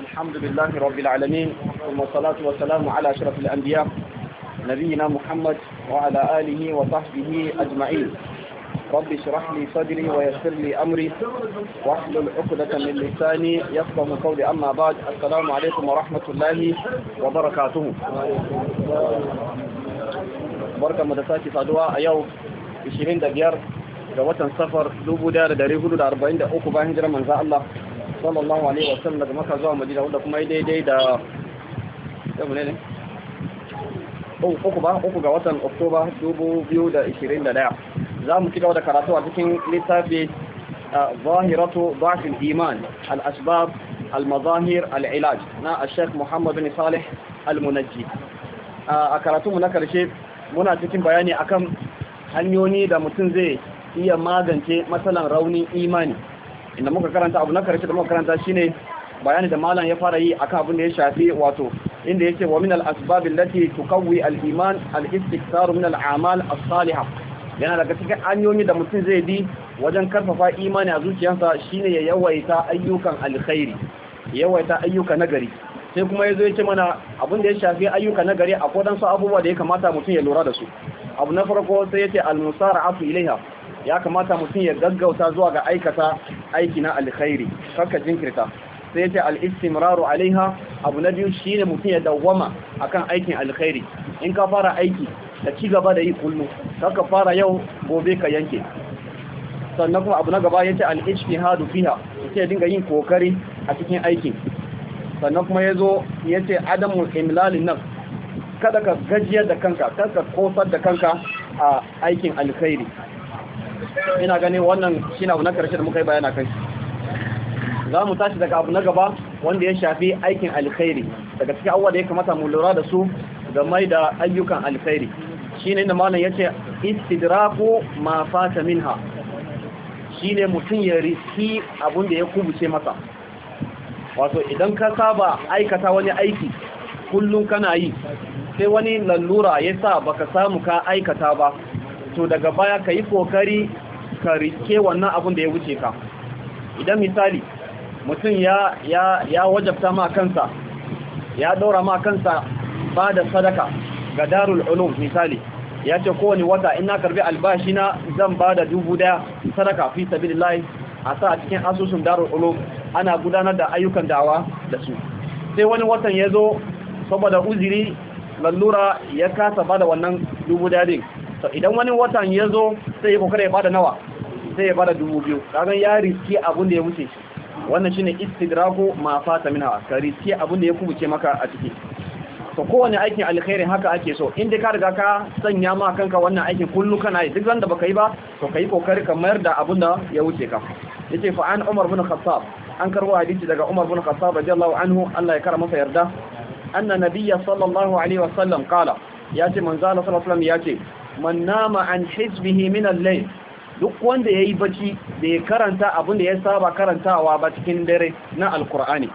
الحمد لله رب العالمين ثم الصلاة والسلام على أشرف الأنبياء نبينا محمد وعلى آله وصحبه أجمعين رب اشرح لي صدري ويسر لي أمري واحلل عقدة من لساني يفقه قولي أما بعد السلام عليكم ورحمة الله وبركاته بركة مدساتي صدوى يوم 25 ga watan safar 1443 bayan hijirar manzo Allah sallallahu alaihi wa sallam daga Makka zuwa Madina wanda kuma daidai da yau ne ne oh, uku ba uku ga watan Oktoba 2021 za mu ci gaba da karatu a cikin littafi Zahiratu, ظاهرة ضعف الإيمان الأسباب المظاهر العلاج نا الشيخ Muhammadu بن صالح المنجي a karatunmu na karshe muna cikin bayani akan hanyoyi da mutum zai iya magance matsalan rauni imani inda muka karanta abu na karshe da muka karanta shine bayani da malam ya fara yi akan abin da ya shafi wato inda yake wa min al-asbab allati tuqawwi al-iman al-istikthar min al-a'mal as-salihah yana daga cikin hanyoyi da mutum zai bi wajen karfafa imani a zuciyarsa shine ya yawaita ayyukan alkhairi yawaita ayyuka nagari sai kuma yazo yake mana abin da ya shafi ayyuka nagari akwai dan su abubuwa da ya kamata mutum ya lura da su abu na farko sai yace al-musara'atu ilaiha ya kamata mutum ya gaggauta zuwa ga aikata aiki na alkhairi karka jinkirta sai yace al-istimraru alaiha abu na biyu shine mutum ya dawwama akan aikin alkhairi in ka fara aiki da ci gaba da yi kullu karka fara yau gobe ka yanke sannan kuma abu na gaba ce al-ijtihadu fiha sai ya dinga yin kokari a cikin aikin sannan kuma yazo yace adamul imlalin nafs kada ka gajiyar da kanka kada ka kosar da kanka a aikin alkhairi ina ganin wannan shi na abu na karshe da muka yi bayana kai za mu tashi daga abu na gaba wanda ya shafi aikin alkhairi daga cikin awa da ya kamata mu lura da su ga mai da ayyukan alkhairi shine inda malam ce istidraku ma fata minha ne mutum ya riski abun da ya kubuce masa wato idan ka saba aikata wani aiki kullum kana yi sai wani lallura ya sa baka samu ka aikata ba to daga baya ka yi kokari ka rike wannan abun da ya wuce ka idan misali mutum ya ya ya wajabta ma kansa ya daura ma kansa ba da sadaka ga darul ulum misali ya ce kowane wata ina karbi albashi na zan ba da dubu daya sadaka fi sabilillah a sa a cikin asusun darul ulum ana gudanar da ayyukan dawa da su sai wani watan ya zo saboda uziri lallura ya kasa ba da wannan dubu daya din to idan wani watan ya zo sai ya kokare ya bada nawa sai ya bada dubu biyu kagan ya riske abin da ya wuce Wannan shi wannan shine istidraku ma fata hawa. ka riske abin da ya kubuce maka a ciki to kowane aikin alkhairi haka ake so inda ka riga ka sanya ma kanka wannan aikin kullu kana yi duk zanda baka yi ba to yi kokari ka mayar da abin da ya wuce ka yace fa an Umar bin Khattab an karbo hadisi daga Umar bin Khattab radiyallahu anhu Allah ya karama masa yarda anna nabiyya sallallahu alaihi wasallam qala yace manzo Allah sallallahu alaihi wasallam yace man nama an hizbihi min al-layl duk wanda yayi bacci da ya karanta abin da ya saba karantawa ba cikin dare na alqur'ani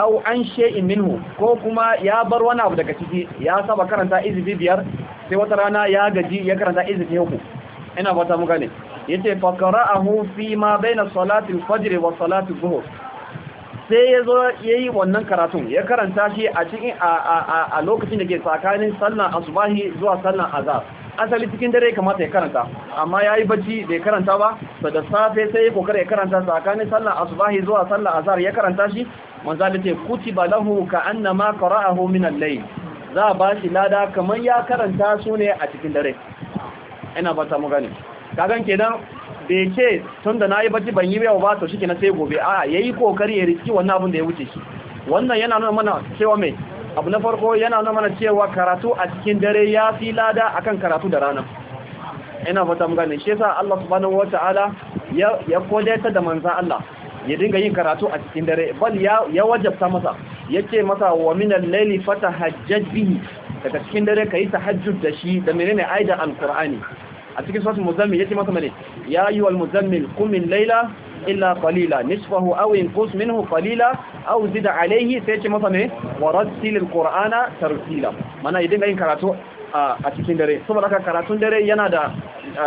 aw an shay'in minhu ko kuma ya bar wani abu daga ciki ya saba karanta izifi biyar sai wata rana ya gaji ya karanta izifi uku ina fata muka ne yace fa fi ma baina salati al-fajr wa salati adh-dhuhr sai ya zo ya yi wannan karatun ya karanta shi a cikin a lokacin da ke tsakanin sallan asubahi zuwa sallan azab asali cikin dare kamata ya karanta amma ya yi bacci bai karanta ba to da safe sai ya kokara ya karanta tsakanin sallan asubahi zuwa sallan azhar ya karanta shi manzo da ce kutiba lahu ka annama qara'ahu min al-layl za ba shi lada kamar ya karanta su ne a cikin dare ina ba ta mu gane kagan kenan bai ce tun da na yi bacci ban yi wa ba to shi na sai gobe a ya yi kokari ya riski wannan abin da ya wuce shi wannan yana nuna mana cewa mai abu na farko yana nuna mana cewa karatu a cikin dare ya fi lada akan karatu da rana ina fata mun gane shi yasa Allah subhanahu wataala ya ya kodaita da manza Allah ya dinga yin karatu a cikin dare bal ya wajabta masa yace masa wa min al-layli fatahajjaj bihi daga cikin dare kai tahajjud da shi da menene aidan al-qur'ani a cikin sautin muzammil yace masa mene ya ayyuhal muzammil qum min layla illa qalila nisfahu aw inqus minhu qalila aw zid alayhi sai yace masa mene warattil alqur'ana tartila mana idan dinga yin karatu a cikin dare saboda haka karatun dare yana da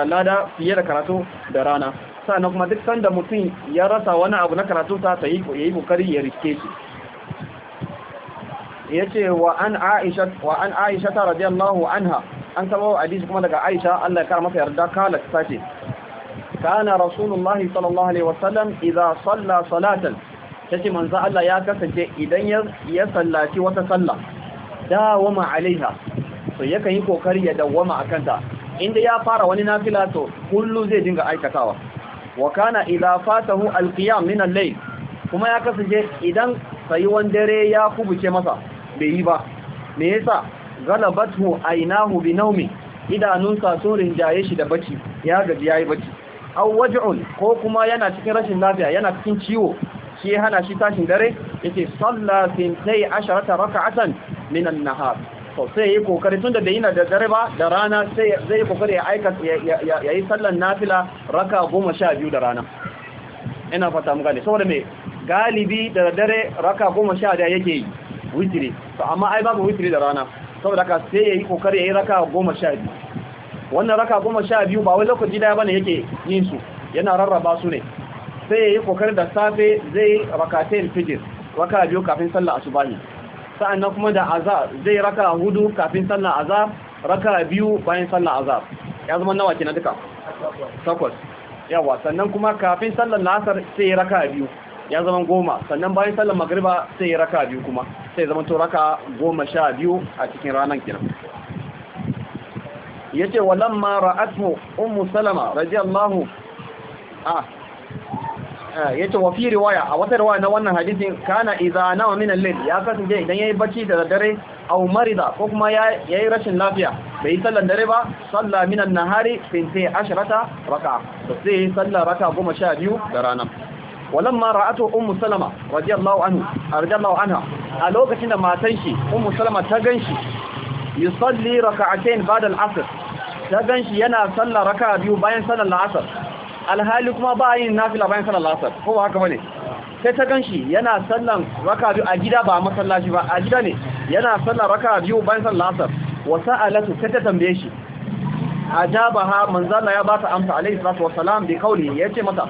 lada fiye da karatu da rana sannan kuma duk sanda mutum ya rasa wani abu na karatu ta ta yi kokari ya riske shi yace wa an aisha ta an aisha an anha an sabo hadisi kuma daga aisha Allah ya kara masa yarda kala tace kana rasulullahi sallallahu alaihi wasallam idza salla salatan tace manzo Allah ya kasance idan ya sallaci wata sallah dawama alaiha to yakan yi kokari ya dawama a kanta. inda ya fara wani nafila to kullu zai dinga aikatawa wa kana idza fatahu alqiyam min al-layl kuma ya kasance idan sayuwan dare ya kubuce masa bai yi ba me yasa galabathu ainahu bi naumi idanunsa sun rinjaye shi da bacci ya gaji yayi bacci aw waj'un ko kuma yana cikin rashin lafiya yana cikin ciwo shi hana shi tashin dare yace salla tay asharata raka'atan min an-nahar to sai yi kokari tunda da yana da dare ba da rana sai zai kokari ya aika yayi sallan nafila raka 12 da rana ina fata mu gane saboda me galibi da dare raka daya yake yi witiri to amma ai babu witiri da rana saboda haka sai yayi kokari yayi raka biyu. wannan raka biyu ba wai lokaci daya bane yake yin su yana rarraba su ne sai yayi kokari da safe zai rakatayn fijr raka biyu kafin sallar asubahi sa'annan kuma da azar zai raka hudu kafin sallar azar raka biyu bayan sallar azar. ya zama nawa kenan duka takwas yawa sannan kuma kafin sallar lasar sai raka biyu ya zama goma sannan bayan sallar magriba sai ya raka biyu kuma sai zama to raka goma sha biyu a cikin ranar ce wa lamma ra'athu Umu salama radiyallahu ah. ah, ya ce wa fi riwaya a wata riwaya na wannan hadisin kana iza na min al ya kasance idan ya yi bacci da dare umari da ko kuma ya yi rashin lafiya bai yi sallar dare ba salla min an-nahari ashirata raka, da sai yi sallar raka goma sha biyu da rana walamma ra'atu ummu salama radiyallahu anhu radiyallahu anha a lokacin da matan shi ummu salama ta ganshi yusalli raka'atayn ba'da al-asr ta ganshi yana sallar raka'a biyu bayan sallar al-asr alhali kuma ba yin nafila bayan sallar al-asr ko ba haka bane sai ta ganshi yana sallan raka'a biyu a gida ba masallaci ba a gida ne yana sallar raka'a biyu bayan sallar al-asr wa sa'alatu sai ta tambaye shi ajabaha manzala ya bata amsa alayhi salatu "Salam bi qawli yace mata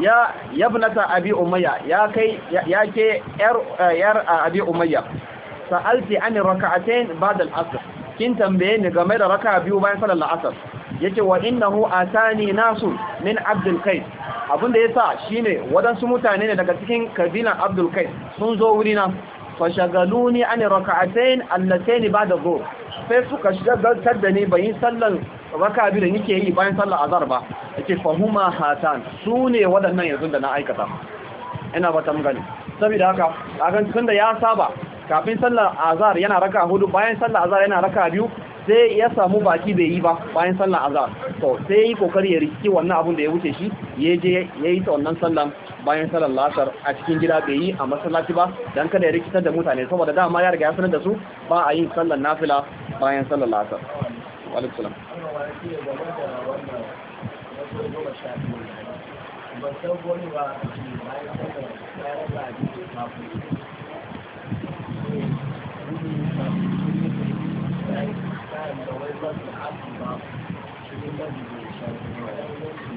ya yabnata abi umayya ya kai ya ke yar eh, yar eh, abi umayya sa'alti an rak'atayn ba'da al-asr kin tambaye ni game da raka'a biyu bayan salar al-asr yace wa innahu atani nasu min abdul qais abinda yasa shine wadansu mutane ne daga cikin kabilan abdul qais sun zo wuri na fashagaluni an rak'atayn allatayn ba'da dhuhr sai suka shagaltar da ni bayin sallan raka biyu da nike yi bayan sallar azar ba yake fahuma hatan su ne waɗannan yanzu da na aikata ina ba ta gani saboda haka kagan tun da ya saba kafin sallar azar yana raka hudu bayan sallar azar yana raka biyu sai ya samu baki bai yi ba bayan sallar azhar to sai yi kokari ya riki wannan abun da ya wuce shi ya je yayi ta wannan sallar bayan sallar lasar a cikin gida bai yi a masallaci ba dan kada ya rikitar da mutane saboda dama ya riga ya sanar da su ba a yin sallar nafila bayan sallar lasar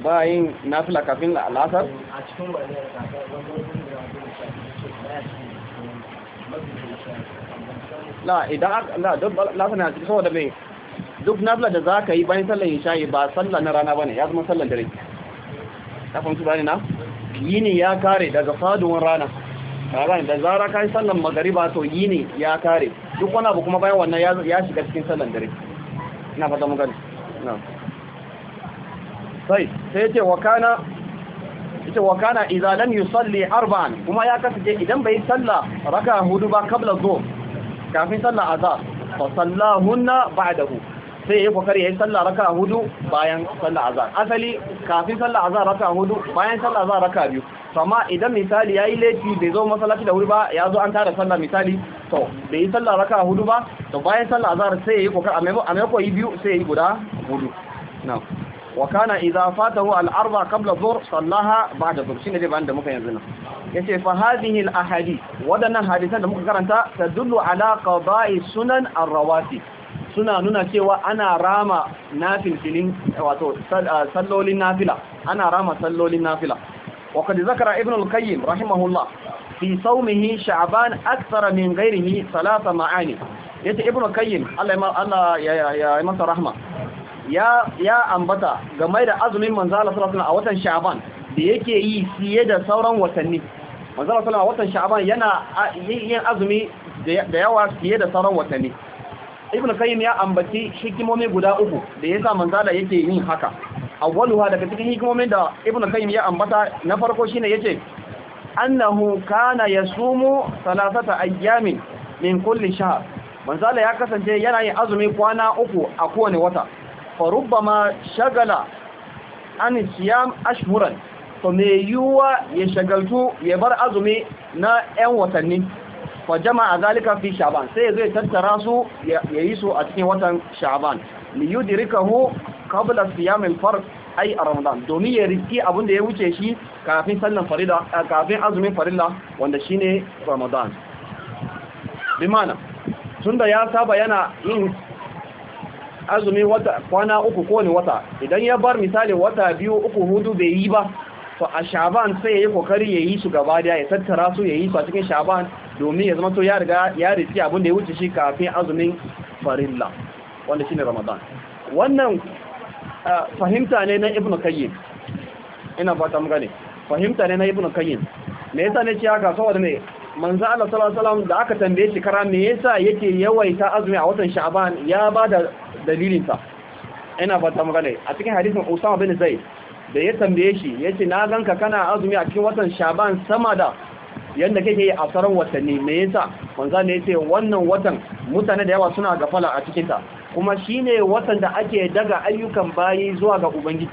bayin nafila kafin al'asar? a cikin wani la idan la don lasa na cikin saboda mai duk nafila da za ka yi bayan sallan isha'i ba sallan na rana ba ne ya zama sallan dare ta fahimci ba ne na ne ya kare daga faduwar rana karan da zara sallar magari ba to yini ya kare duk wani abu kuma bayan wannan ya shiga cikin sallar dare ina fata mun gani sai sai ce wa kana yace wa kana idza arba'an kuma ya kasance idan bai salla raka hudu ba kabla zo kafin sallar za. fa sallahunna ba'dahu sai ya kokari yi sallah raka hudu bayan sallah azhar asali kafin sallah azhar raka hudu bayan sallah azhar raka biyu to amma idan misali yayi lati bai zo masallaci da wuri ba ya zo an tara sallah misali to bai yi sallah raka hudu ba to bayan sallah azhar sai ya yi kokari a maimako yi biyu sai ya yi guda hudu na'am wakana kana idza fatahu al arba qabla dhuhr sallaha ba'da dhuhr shine dai bayan da muka yanzu nan yace fa hadhihi al ahadith wadannan hadisan da muka karanta tadullu ala qada'i sunan ar rawatib suna nuna cewa ana rama nafilin wato ah, sallolin nafila ana rama sallolin nafila وقد ذكر ابن القيم رحمه الله في صومه شعبان أكثر من غيره ثلاث معاني يتي ابن القيم الله يا يا ya ambata game da azumin manzo Allah a watan Sha'ban da yake yi fiye da sauran watanni manzo Allah sallallahu watan Sha'ban yana yin azumi da yawa fiye da sauran watanni Ibn Qayyim ya ambaci hikimomi guda uku da yasa manzo Allah yake yin haka awwaluha daga cikin hikimomin da Ibn Qayyim ya ambata na farko shine yace annahu kana yasumu salasata ayyamin min kulli shahr manzo Allah ya kasance yana yin azumi kwana uku a kowane wata فربما شغل عن الصيام أشهرا فميوا يشغلتو يبر أزمي نا أن وتنين فجمع ذلك في شعبان سيزي تتراسو ييسو أتني وتن شعبان ليدركه قبل الصيام الفرق ai a ramadan domin ya abin da ya wuce shi kafin sallan azumin farilla wanda shine ramadan bi tunda ya saba yana yin azumi wata kwana uku ko ne wata idan ya bar misali wata biyu uku hudu bai yi ba to a shaban sai ya yi kokari ya yi su gaba daya ya tattara su ya yi su a cikin shaban domin ya zama to ya riga ya riski abin da ya wuce shi kafin azumin farilla wanda shine ramadan wannan fahimta ne na ibnu kayyim ina fata mun gane fahimta ne na ibnu kayyim me yasa ne ce haka saboda ne manzo Allah sallallahu alaihi wasallam da aka tambaye shi kara me yasa yake yawaita azumi a watan sha'ban ya bada dalilinsa ina fata magana a cikin hadisin Usama bin zai da ya tambaye shi yace na ganka kana azumi a cikin watan Shaban sama da yadda kake yi a tsaron watanni me yasa manzo ne yace wannan watan mutane da yawa suna gafala a cikin ta kuma shine watan da ake daga ayyukan bayi zuwa ga ubangiji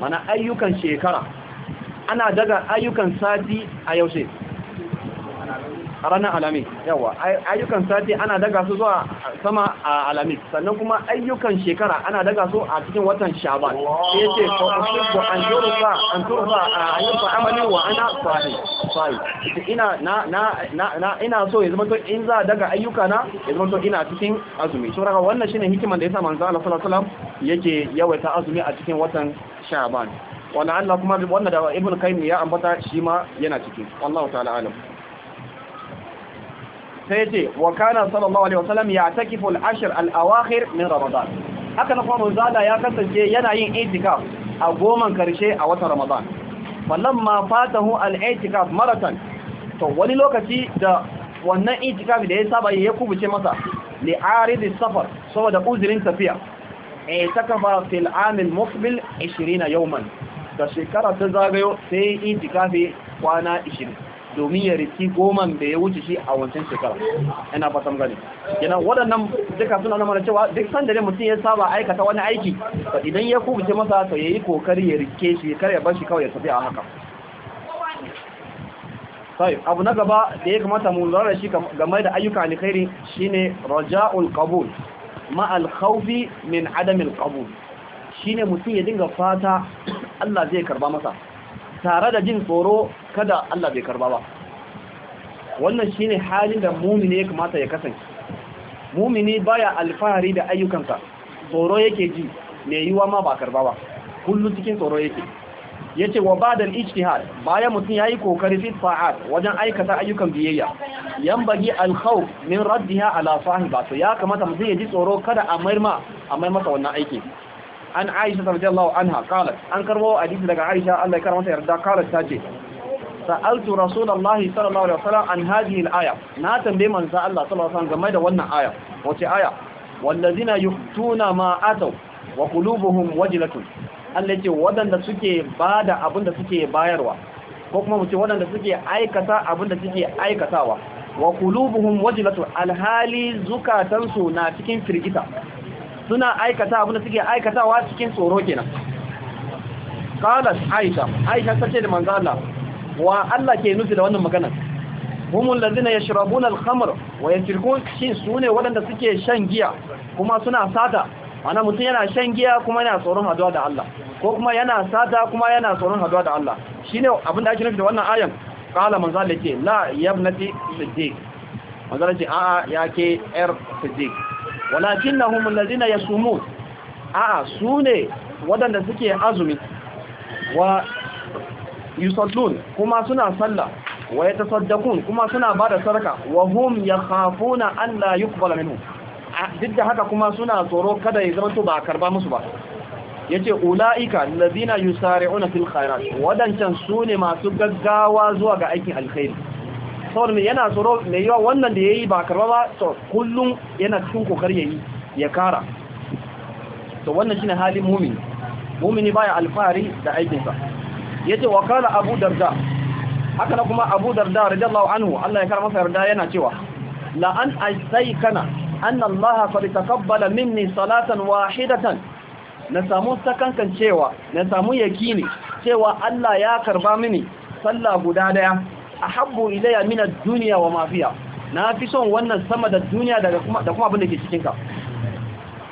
mana ayyukan shekara ana daga ayyukan sati a yaushe ranar alamis yawa ayyukan sati ana daga su zuwa sama a alamis sannan kuma ayyukan shekara ana daga su a cikin watan shaban sai yace ko usibbu an yurfa an turfa an yurfa amali wa ana sahi sahi ina na na na ina so ya zama to in za daga ayyuka na ya zama to ina cikin azumi so raka wannan shine hikiman da yasa manzo Allah sallallahu alaihi wasallam yake yawaita azumi a cikin watan shaban wannan Allah kuma wannan da Ibn kayyim ya ambata shi ma yana ciki wallahu ta'ala alam sai ce wa kana sallallahu alaihi wasallam ya takiful al-ashr al-awakhir min ramadan haka na kuma zala ya kasance yana yin itikaf a goman karshe a watan ramadan falamma fatahu al-itikaf maratan to wani lokaci da wannan itikaf da ya saba ya kubuce masa li arid safar saboda uzurin tafiya itakafa fil am al-muqbil 20 yawman da shekara ta zagayo sai itikafi kwana 20 domin ya riki goman da ya wuce shi a wancan shekara yana fatan gani yana waɗannan duka suna nuna cewa duk sanda da mutum ya saba aikata wani aiki to idan ya kubuce masa to yayi kokari ya rike shi kar ya bar shi kawai ya tafi a haka sai abu na gaba da ya kamata mu lura shi game da ayyuka alkhairi shine raja'ul qabul ma al khawfi min adam al qabul shine mutum ya dinga fata Allah zai karba masa tare da jin tsoro kada Allah bai karba ba wannan shine halin da mumini ya kamata ya kasance mumini baya alfahari da ayyukansa tsoro yake ji mai yiwa ma ba karba ba kullum cikin tsoro yake yace wa badal ijtihad bayan mutum ya yi kokari fi fa'at wajen aikata ayyukan biyayya yan al-khawf min raddiha ala sahiba ya kamata mutum ya ji tsoro kada a maimaka mai masa wannan aiki an Aisha radiyallahu anha qalat an karbo hadisi daga Aisha Allah ya karanta yarda qalat tace sa'altu rasulullahi sallallahu alaihi wasallam an hadhihi al-aya na tambaye manzo Allah sallallahu alaihi wasallam game da wannan aya wace aya wallazina yuhtuna ma ataw wa qulubuhum wajilatun Allah ya ce wadanda suke bada abinda suke bayarwa ko kuma mutum wadanda suke aikata abinda suke aikatawa wa qulubuhum wajilatun alhali zukatansu na cikin firgita suna aikata abin da suke aikatawa cikin tsoro kenan qalat aisha aisha sace da manzo Allah wa Allah ke nufi da wannan magana humul ladina yashrabuna al-khamr wa yatrukun shin sune wadanda suke shan giya kuma suna sata ana mutum yana shan giya kuma yana tsoron haduwa da Allah ko kuma yana sata kuma yana tsoron haduwa da Allah shine abin da ake nufi da wannan ayan qala manzo Allah ce la yabnati siddiq manzo Allah ce a'a yake yar siddiq walakinnahum allazina yasumun a'a sune wadanda suke azumi wa yusallun kuma suna sallah wa yatasaddaqun kuma suna ba da sarka wa hum yakhafuna an la yuqbala minhum duk da haka kuma suna tsoro kada ya zama to ba karba musu ba yace ulaika allazina yusari'una fil khairat wadancan sune masu gaggawa zuwa ga aikin alkhairi saboda mai yana tsoro mai yawa wannan da ya yi ba karba ba to kullum yana cikin kokar ya yi ya kara to wannan shine halin mumini mumini baya alfahari da aikinsa yace wa kala abu darda haka na kuma abu darda radiyallahu anhu Allah ya kara masa yarda yana cewa la an kana anna Allah qad taqabbala minni salatan wahidatan na samu sakankan cewa na samu yakini cewa Allah ya karba mini sallah guda daya ahabbu ilayya min ad-dunya wa ma fiha na fi son wannan sama da duniya daga kuma da kuma abin da ke cikin ka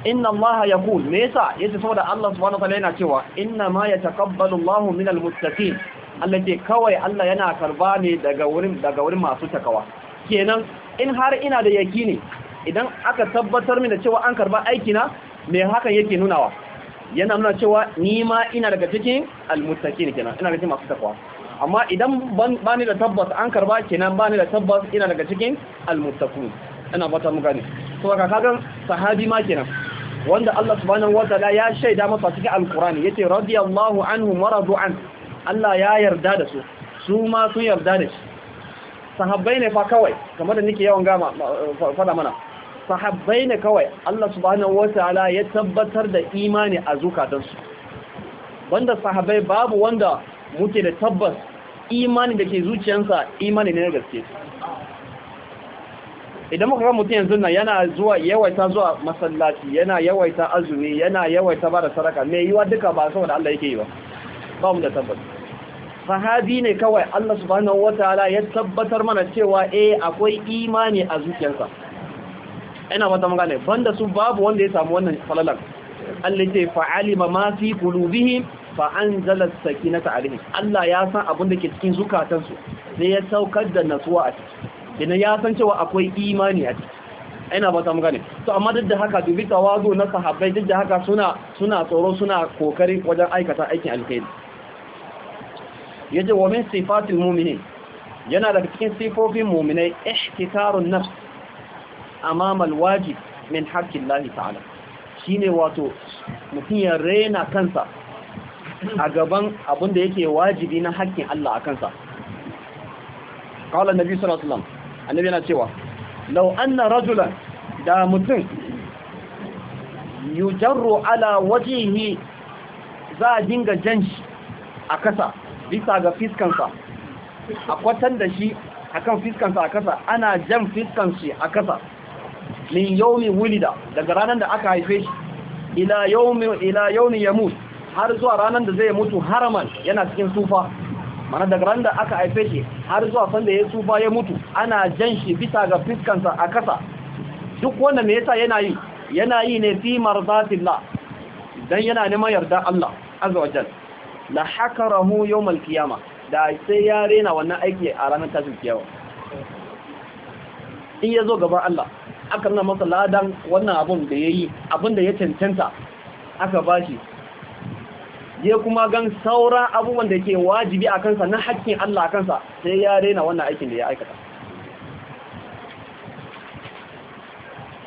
inna allaha yaqul me yasa yace saboda Allah subhanahu ta'ala yana cewa inna ma yataqabbalu Allahu min al-muttaqin Allah kawai Allah yana karba ne daga wurin daga wurin masu takawa kenan in har ina da yakini idan aka tabbatar min da cewa an karba aiki na me hakan yake nunawa yana nuna cewa ni ma ina daga cikin al-muttaqin kenan ina cikin masu takawa amma idan ba ni da tabbas an karba kenan ba ni da tabbas ina daga cikin almuttaqun ina fata mu gani to ka kaga sahabi ma kenan wanda Allah subhanahu wataala ya shaida masa cikin alqur'ani yace radiyallahu anhum wa radu an Allah ya yarda da su su ma sun yarda da shi sahabbai ne fa kawai kamar da nake yawan gama fada mana sahabbai ne kawai Allah subhanahu wataala ya tabbatar da imani a zukatansu banda sahabbai babu wanda muke da tabbas imani da ke zuciyansa, imani ne na gaske idan muka ga mutum yanzu nan yana zuwa yawaita zuwa masallaci yana yawaita azumi yana yawaita bada sadaka me yiwa duka ba saboda Allah yake yi ba ba mu da tabbas sahabi ne kawai Allah subhanahu wataala ya tabbatar mana cewa e akwai imani a zuciyarsa ina fata mun banda su babu wanda ya samu wannan falalan Allah ya ce fa'alima ma fi qulubihim fa an saki na alaihim Allah ya san abin da ke cikin zukatansu sai ya saukar da natsuwa a ciki idan ya san cewa akwai imani a ciki ina ba ta magana to amma duk da haka dubi tawazu na sahabbai duk da haka suna suna tsoro suna kokari wajen aikata aikin alkhairi yaje wa min sifatil mu'minin yana daga cikin sifofin mu'minai ihtikarun nafs amama alwajib min haqqi Allah ta'ala shine wato mutum ya rena kansa a gaban abin da yake wajibi na haƙƙin Allah a kansa qala Nabi Sarasulam, yana cewa law anna rajulan da mutum jarro ala yi za a dinga jan shi a kasa bisa ga fiskansa a kwatan da shi a kan fiskansa a kasa ana jan fiskansa a kasa min wuli wulida daga ranar da aka haife shi ila yau mi yamus har zuwa ranar da zai mutu haraman yana cikin sufa mana daga ran da aka haife shi har zuwa sanda ya sufa ya mutu ana jan shi bisa ga fiskansa a kasa duk wanda me yasa yana yi yana yi ne fi marzatillah dan yana neman yarda Allah azza wa jalla la hakarahu yawm al da sai ya rena wannan aiki a ranar tashin kiyawa in ya zo gaban Allah aka nuna masa ladan wannan abun da yayi yi abun da ya cancanta aka bashi ya kuma gan saura abubuwan da ke wajibi a kansa na haƙƙin Allah a kansa sai ya rena wannan aikin da ya aikata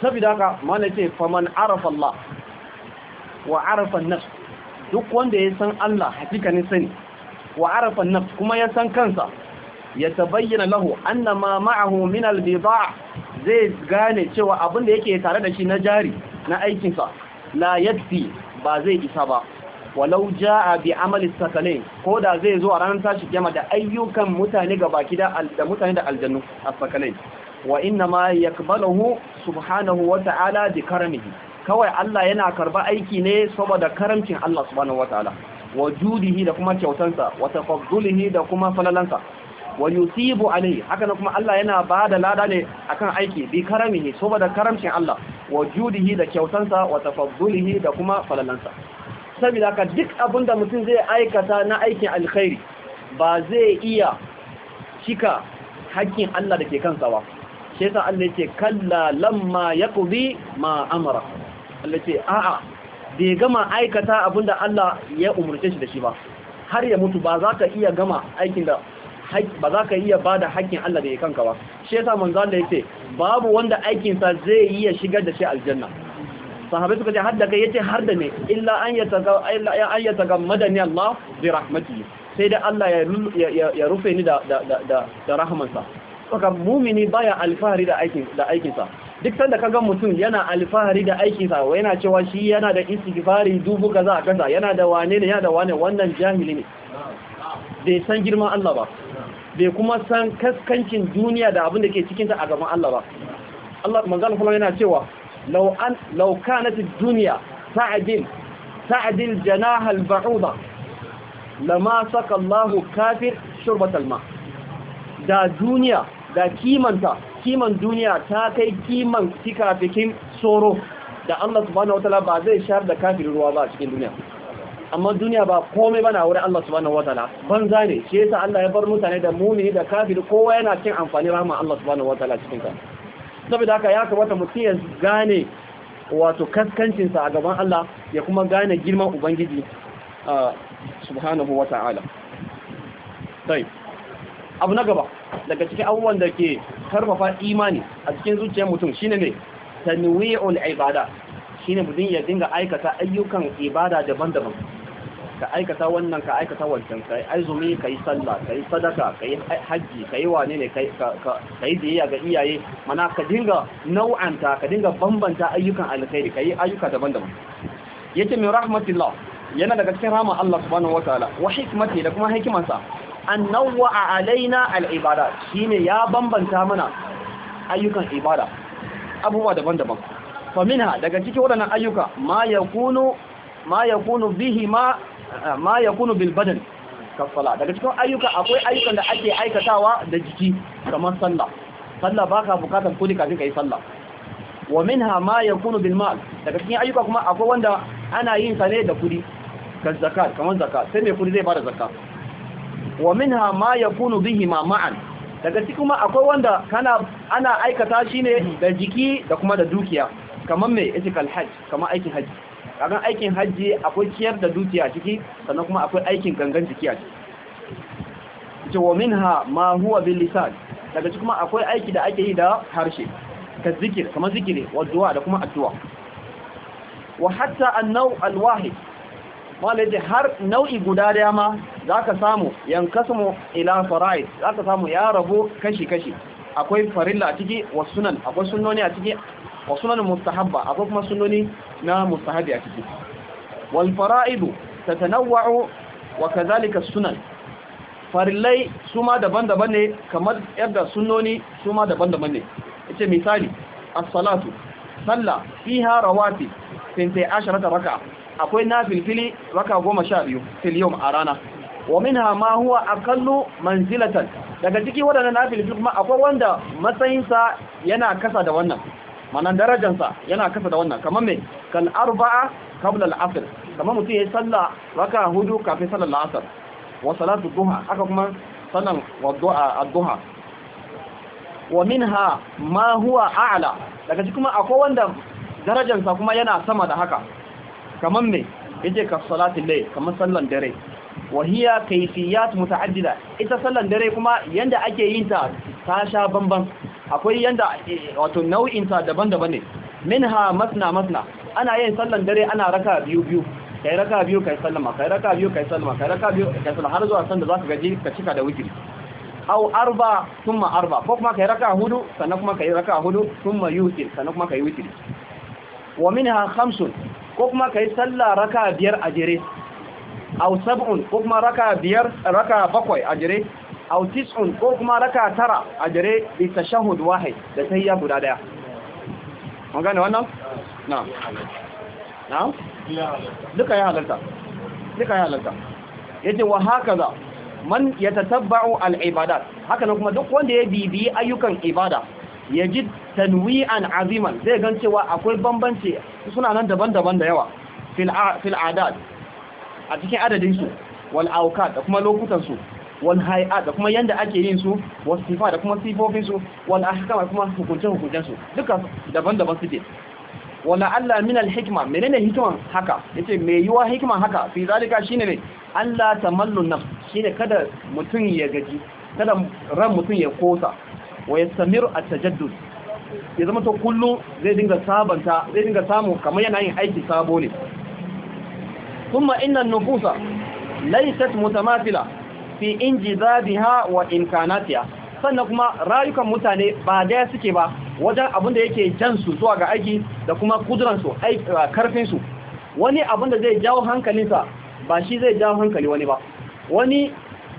saboda haka mana ce faman arafa Allah wa arafa nafs duk wanda ya san Allah hakikanin sani wa arafa nafs kuma ya san kansa ya tabayyana lahu annama ma'ahu min al zai gane cewa abin da yake tare da shi na jari na aikinsa la yadfi ba zai isa ba walau ja'a bi amali sakane ko da zai zo a ranar tashi kiyama da ayyukan mutane ga baki da mutane da aljannu a sakane wa inna ma yakbalahu subhanahu wa ta'ala bi karamihi kawai Allah yana karba aiki ne saboda karamcin Allah subhanahu wa ta'ala wa judihi da kuma kyautansa wa tafaddulihi da kuma falalansa wa yusibu alayhi haka nan kuma Allah yana ba da lada ne akan aiki bi karamihi saboda karamcin Allah wa judihi da kyautansa wa tafaddulihi da kuma falalansa saboda ka duk abin da mutum zai aikata na aikin alkhairi ba zai iya cika hakkin Allah da ke kansa ba shi yasa Allah yake kalla lamma yaqdi ma amara Allah yake a'a bai gama aikata abin da Allah ya umurce shi da shi ba har ya mutu ba za ka iya gama aikin da ba za ka iya bada hakkin Allah da ke kanka ba shi yasa manzo Allah yake babu wanda aikinsa zai iya shigar da shi aljanna sahabai suka ce har da kai yace har da ne illa an yataka illa an madani Allah bi rahmati sai da Allah ya rufe ni da da da da rahmansa saka mumini baya alfahari da aikin da sa duk sanda ka gan mutum yana alfahari da aikin sa yana cewa shi yana da istighfari dubu kaza a kasa yana da wane ne yana da wane wannan jahili ne bai san girman Allah ba bai kuma san kaskancin duniya da abin da ke cikinta a gaban Allah ba Allah manzon kuma yana cewa لو, أن لو كانت الدنيا تعدل تعدل جناح البعوضة لما سقى الله كافر شربة الماء دا دنيا دا duniya ta kai kiman fikafikin soro da Allah subhanahu ba zai shahar da kafirin ruwa ba a cikin duniya amma duniya ba komai bana wurin Allah subhanahu banza ne shi yasa Allah ya bar mutane da mumini da kafiri kowa yana cin amfani rahma Allah cikin saboda haka ya kamata mutum ya gane wato kaskancinsa a gaban Allah ya kuma gane girman ubangiji subhanahu wa ta'ala. sai abu na gaba daga cikin abubuwan da ke karfafa imani a cikin zuciyar mutum shine ne tanwi'ul ibada shine mutum ya dinga aikata ayyukan ibada daban-daban ka aikata wannan ka aikata wancan kai azumi kai sallah kai sadaka kai haji kai wane ne kai kai biyayya ga iyaye mana ka dinga nau'anta ka dinga bambanta ayyukan alkhairi kai ayyuka daban-daban yace min rahmatillah yana daga cikin rahama Allah subhanahu wataala wa hikmati da kuma hikimarsa an nawwa alaina al shine ya bambanta mana ayyukan ibada abubuwa daban-daban fa faminha daga cikin wadannan ayyuka ma yakunu ma yakunu bihi ma Eh, ma yakunu bil badan kafala daga cikin ayyuka akwai ayyukan da ake aikatawa da jiki kamar sallah sallah baka bukatar kudi kafin kai sallah wa minha ma yakunu bil mal daga cikin ayyuka kuma akwai wanda ana yin sa ne da kudi ka zakat kamar zakat sai mai kudi zai bada zakat wa minha ma yakunu bihi ma ma'an daga cikin kuma akwai wanda kana ana aikata shi ne da jiki da kuma da dukiya kamar mai itikal hajj kamar aikin hajji kagan aikin hajji akwai ciyar da dukiya ciki sannan kuma akwai aikin gangan jiki a ciki ce wa minha ma huwa bil lisan daga cikin akwai aiki da ake yi da harshe ka zikir kama zikiri wa du'a da kuma addu'a wa hatta annau alwahid al har nau'i guda daya ma zaka samu yankasmu ila fara'id zaka samu ya rabu kashi kashi akwai farilla a ciki wa sunan akwai sunnoni a ciki wa sunan mustahabba akwai kuma sunoni na mustahabi a ciki wal fara'idu tatanawwa'u wa kadhalika sunan farillai su ma daban-daban ne kamar yadda sunoni suma daban-daban ne yace misali as-salatu salla fiha rawati sintai asharata raka akwai nafilfili raka goma sha biyu fil yawm a rana wa minha ma huwa aqallu manzilatan daga ciki wadannan nafilfili kuma akwai wanda matsayinsa yana kasa da wannan manan darajansa yana kasa da wannan kamar me kan arba'a kabla al kamar mutum ya sallah raka hudu kafin sallar la'asar. wa salatu duha haka kuma sallan wa duha wa minha ma huwa a'la daga cikin kuma akwai wanda darajansa kuma yana sama da haka kamar me yake ka salatu lai kamar sallan dare wa hiya kayfiyat muta'addida ita sallan dare kuma yanda ake yin ta ta sha bamban akwai yanda eh, wato nau'in ta daban-daban ne minha masna masna ana yin sallan dare ana raka biyu biyu kai raka biyu kai sallama kai raka biyu kai sallama kai raka biyu kai sallama har zuwa sanda zaka gaji ka cika da wikiri au arba thumma arba ko kuma kai raka hudu sannan kuma kai raka hudu thumma yutir sannan kuma kai witiri wa minha khamsun ko kuma kai sallah raka biyar a jere aw sab'un ko kuma raka biyar raka bakwai a jire? aw tis'un ko kuma raka tara a jire? bi tashahhud wahid da tahiyya guda daya mun gane wannan na'am na'am duka ya halalta duka ya halalta yace wa hakaza man yatatabba'u al-ibadat haka kuma duk wanda ya bibiyi ayyukan ibada ya ji tanwi'an aziman zai gan cewa akwai bambanci suna nan daban-daban da yawa fil adat a cikin adadin su wal da kuma lokutan su wal da kuma yanda ake yin su wasu sifa da kuma sifofin su wal da kuma hukunce hukuncen su duka daban-daban ke wala alla min al hikma menene hikiman haka yace me yiwa hikiman haka fi zalika shine ne Allah tamallu shi shine kada mutun ya gaji kada ran mutum ya kosa wa yastamiru at tajaddud ya zama ta kullu zai dinga sabanta zai dinga samu kamar yana yin aiki sabo ne ثم إن النفوس ليست متماثلة في انجذابها وإمكاناتها sannan kuma rayukan mutane ba daya suke ba wajen abin da yake jansu zuwa ga aiki da kuma kuduransu karfinsu wani abin da zai jawo hankalinsa ba shi zai jawo hankali wani ba wani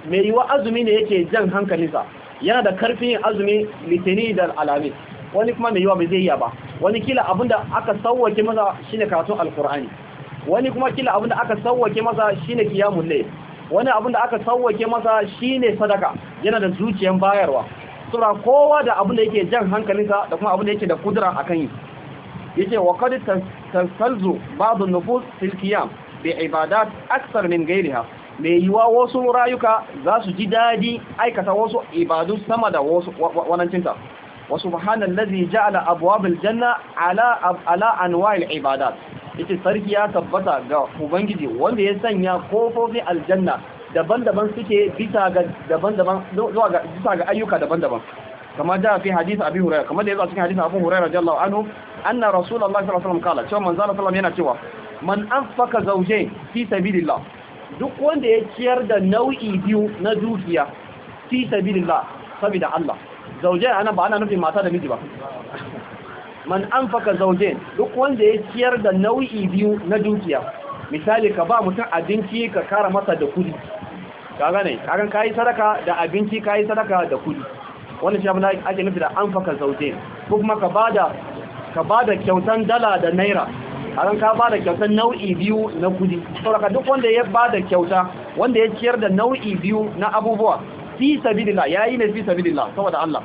mai yiwa azumi ne yake jan hankalinsa yana da karfin azumi litini da alami wani kuma mai yiwa bai zai iya ba wani kila abin da aka sauwake masa shine karatun alkur'ani wani kuma kila abinda aka sauwake masa shine kiyamun layl wani abinda aka sauwake masa shine sadaka yana da zuciyan bayarwa sura kowa da abinda yake jan hankalinsa da kuma abinda yake da kudura akan yi yace wa qad tansalzu ba'd an-nufus fil qiyam bi ibadat akthar min ghayriha mai yiwa wasu rayuka za su ji dadi aikata wasu ibadu sama da wasu wanancinta wa subhanallazi ja'ala abwabil janna ala ala anwa'il ibadat ita sarki ya tabbata ga ubangiji wanda ya sanya kofofin aljanna daban-daban suke bisa ga daban-daban zuwa ga bisa ga ayyuka daban-daban kama da fi hadisi abi hurairah kamar da yazo cikin hadisi abu hurairah radiyallahu anhu anna rasulullahi sallallahu alaihi wasallam kala cewa manzo sallallahu alaihi yana cewa man anfaqa zawjayn fi sabilillah duk wanda ya ciyar da nau'i biyu na dukiya fi sabilillah saboda Allah zauje a nan ba ana nufin mata da miji ba man anfaka zauje duk wanda ya ciyar da nau'i biyu na dukiya misali ka ba mutum abinci ka kara masa da kudi ka gane kagan kayi sadaka da abinci kayi sadaka da kudi wannan shi abin da ake nufi da anfaka zauje ko kuma ka bada ka bada kyautan dala da naira a ka ba da kyautar nau'i biyu na kudi sauraka duk wanda ya ba da kyauta wanda ya ciyar da nau'i biyu na abubuwa fi sabilillah yayi ne fi sabilillah saboda Allah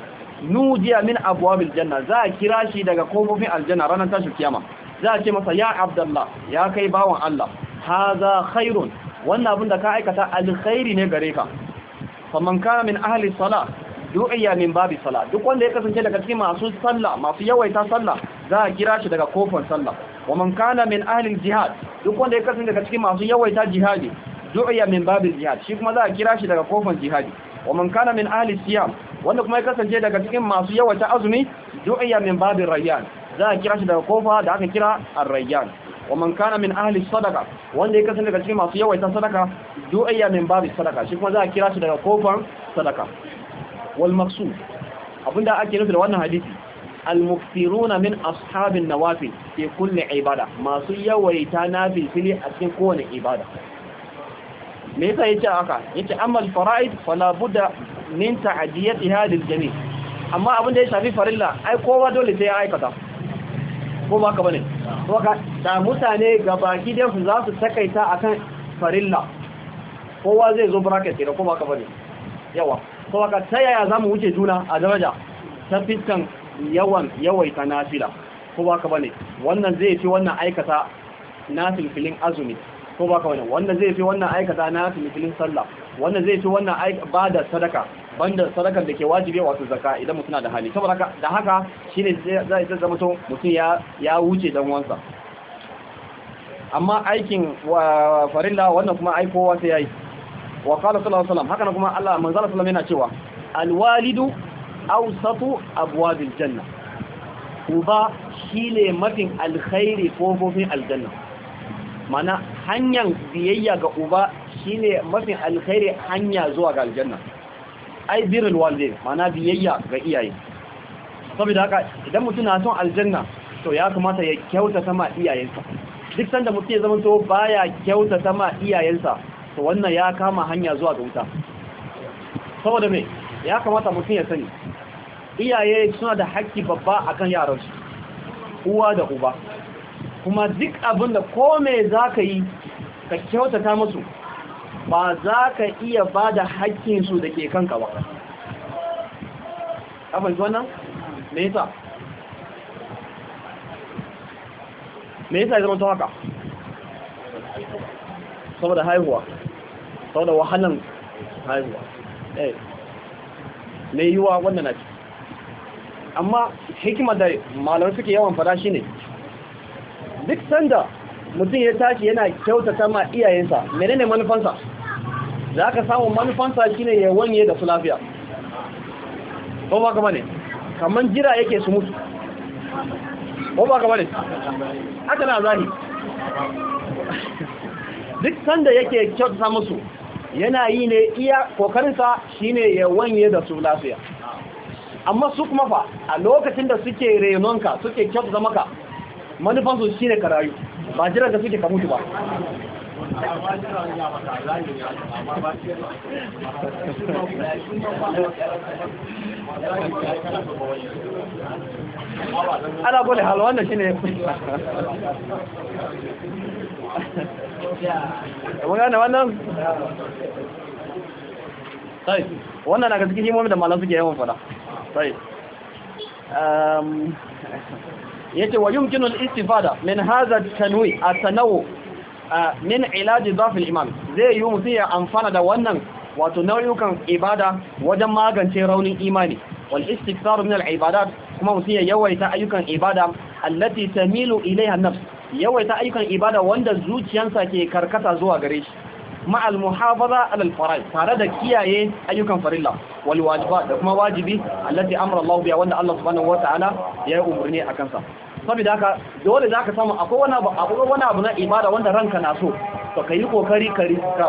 nujiya min abwabil janna za a kira shi daga kofofin aljanna ranar tashin kiyama za ce masa ya abdullah ya kai bawan Allah haza khairun wannan abin da ka aikata alkhairi ne gare ka faman kana min ahli salah du'iya min babi salah duk wanda ya kasance daga cikin masu sallah masu yawaita sallah za a kira shi daga kofar sallah wa man kana min ahli jihad duk wanda ya kasance daga cikin masu yawaita jihadi du'iya min babi jihad shi kuma za a kira shi daga kofar jihadi wa man kana min ahli siyam wanda kuma ya kasance daga cikin masu yawata azumi du'iya min babir rayyan za a kira shi daga kofa da aka kira ar-rayyan wa man kana min ahli sadaqa wanda ya kasance daga cikin masu yawaitan sadaka du'ayya min babu sadaka shi kuma za a kira shi daga kofan sadaka wal maqsud abinda ake nufi da wannan hadisi al muftiruna min ashabin nawafil fi kulli ibada masu yawaita nafil fili a cikin kowane ibada me yasa yace haka yace amal fara'id fala budda min hadhihi al jami' amma abin da ya shafi farilla ai kowa dole sai ya aikata ko ba ka bane to ka da mutane gabaki da su za su takaita akan farilla kowa zai zo bracket ne ko ba ka bane yawa ko ka ta yaya zamu wuce juna a daraja ta fiskan yawan ta nafila ko ba ka bane wannan zai fi wannan aikata nafil filin azumi ko ba ka wani wannan zai fi wannan aikata na fi mitilin sallah wannan zai fi wannan ba da sadaka banda sadakar da ke wajibi wato zaka idan mutum na da hali saboda haka da haka shine zai zai zama to mutum ya ya wuce dan wansa amma aikin farilla wannan kuma kowa sai yayi wa qala sallallahu alaihi wasallam haka kuma Allah manzo sallallahu alaihi yana cewa alwalidu awsatu abwabil janna uba shine mafin alkhairi kofofin aljanna mana hanyar biyayya ga uba shine mafi alkhairi hanya zuwa ga aljanna ai birrul walde ma'ana biyayya ga iyaye saboda haka idan mutum na son aljanna to ya kamata ya kyauta sama iyayensa duk sanda mutum ya zama to baya kyauta sama iyayensa to wannan ya kama hanya zuwa ga wuta saboda me ya kamata mutum ya sani iyaye suna da haƙƙi babba akan yaransu uwa da uba kuma duk abin da kome za ka yi ka kyautata musu ba za ka iya ba da haƙƙinsu da ke kanka ba abin wannan? me yasa? me yasa zama ta haka? saboda haihuwa saboda wahalan haihuwa eh mai yiwuwa wannan na ci amma hikimar da malamai suke yawan fada shi ne duk sanda mutum ya tashi yana ta ma iyayensa menene manufansa za ka samu manufansa shine ya wanye da su lafiya ko ba kama ne kamar jira yake su mutu ko ba kama ne haka na zahi duk sanda yake kyauta musu yana yi ne iya kokarinsa shine ya wanye da su lafiya amma su kuma fa a lokacin da suke renonka suke zama maka manufansu shi ne ka rayu ba jiran da suke kamutu ba ana gole hal wannan shine wannan wannan sai wannan na ga cikin himomi da malam suke yawan fada sai um, yace wa yumkinu al-istifada min hadha at-tanwi at-tanawu min ilaji dhaf al-iman zai yi mutum ya amfana da wannan wato nau'ukan ibada wajen magance raunin imani wal istikthar min al-ibadat kuma mutum ya yawaita ayyukan ibada allati tamilu ilayha an-nafs yawaita ayyukan ibada wanda zuciyarsa ke karkata zuwa gare shi مع المحافظة على الفرائض فرد كياية أيكم فريلا والواجبات لكما واجبي التي wanda allah بها wa ta'ala ya yi يا أمرني أكنسا saboda haka dole zaka samu akwai wani abu akwai wani abu na ibada wanda ranka na so to kai yi kokari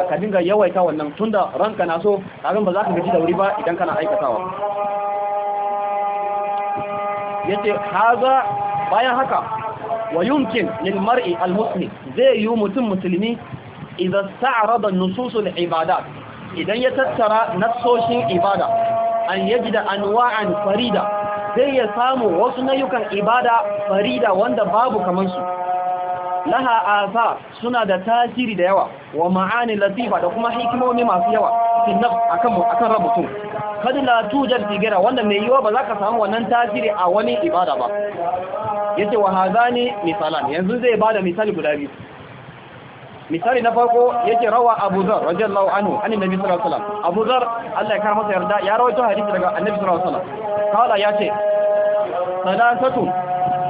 ka dinga yawaita wannan tunda ranka na so kaga ba za ka gaji da wuri ba idan kana aikatawa yace haza bayan haka wa yumkin lil mar'i al muslim zai yi mutum musulmi idan sta'rada nusus al ibadat idan ya tattara nasoshin ibada an yajida anwa'an farida Zai ya samu wasu nayukan ibada farida wanda babu kamar su laha asa suna da tasiri da yawa wa ma'ani latifa da kuma hikimomi masu yawa sinaf akan akan rabutu kada la tujar tigara wanda mai yiwa ba za ka samu wannan tasiri a wani ibada ba yace wa hazani misalan yanzu zai bada misali guda biyu misali na farko yake rawa Abu Zar radiyallahu anhu an Nabi sallallahu alaihi wasallam Abu Zar Allah ya karama yarda ya rawaito hadisi daga Annabi sallallahu alaihi wasallam kala yace sadatatu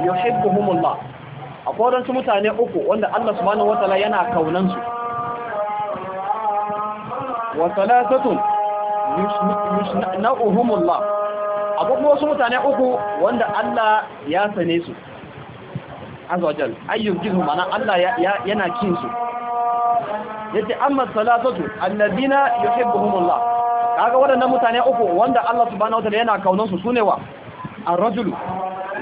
yuhibbuhumullah akwai wadansu mutane uku wanda Allah subhanahu wataala yana kaunan su wa sadatatu yushna'uhumullah akwai wasu mutane uku wanda Allah ya sane su azawajal ayyukizu mana Allah yana kin su yace amma salatatu alladina yuhibbuhumullah kaga wadannan mutane uku wanda Allah subhanahu wataala yana kaunan su sune wa ar-rajulu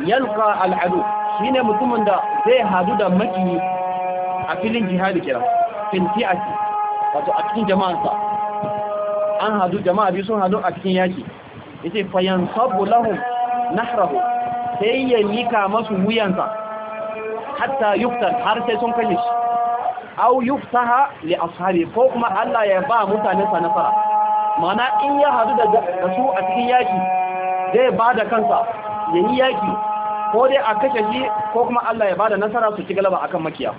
yalqa al-adu shine mutumin da zai hadu da maki a filin jihadi kira fil fi'ati wato a cikin jama'a an hadu jama'a biyu sun hadu a cikin yaki yace fayan yansabu lahum nahrahu sai ya ka masu wuyansa hatta yuktar har sai sun kashe shi au yufsaha li ashabi ko kuma Allah ya ba mutanen sa nasara mana in ya hadu da su a cikin yaki zai ba da kansa yayi yaki ko dai a kashe shi ko kuma Allah ya ba da nasara su ci galaba akan makiya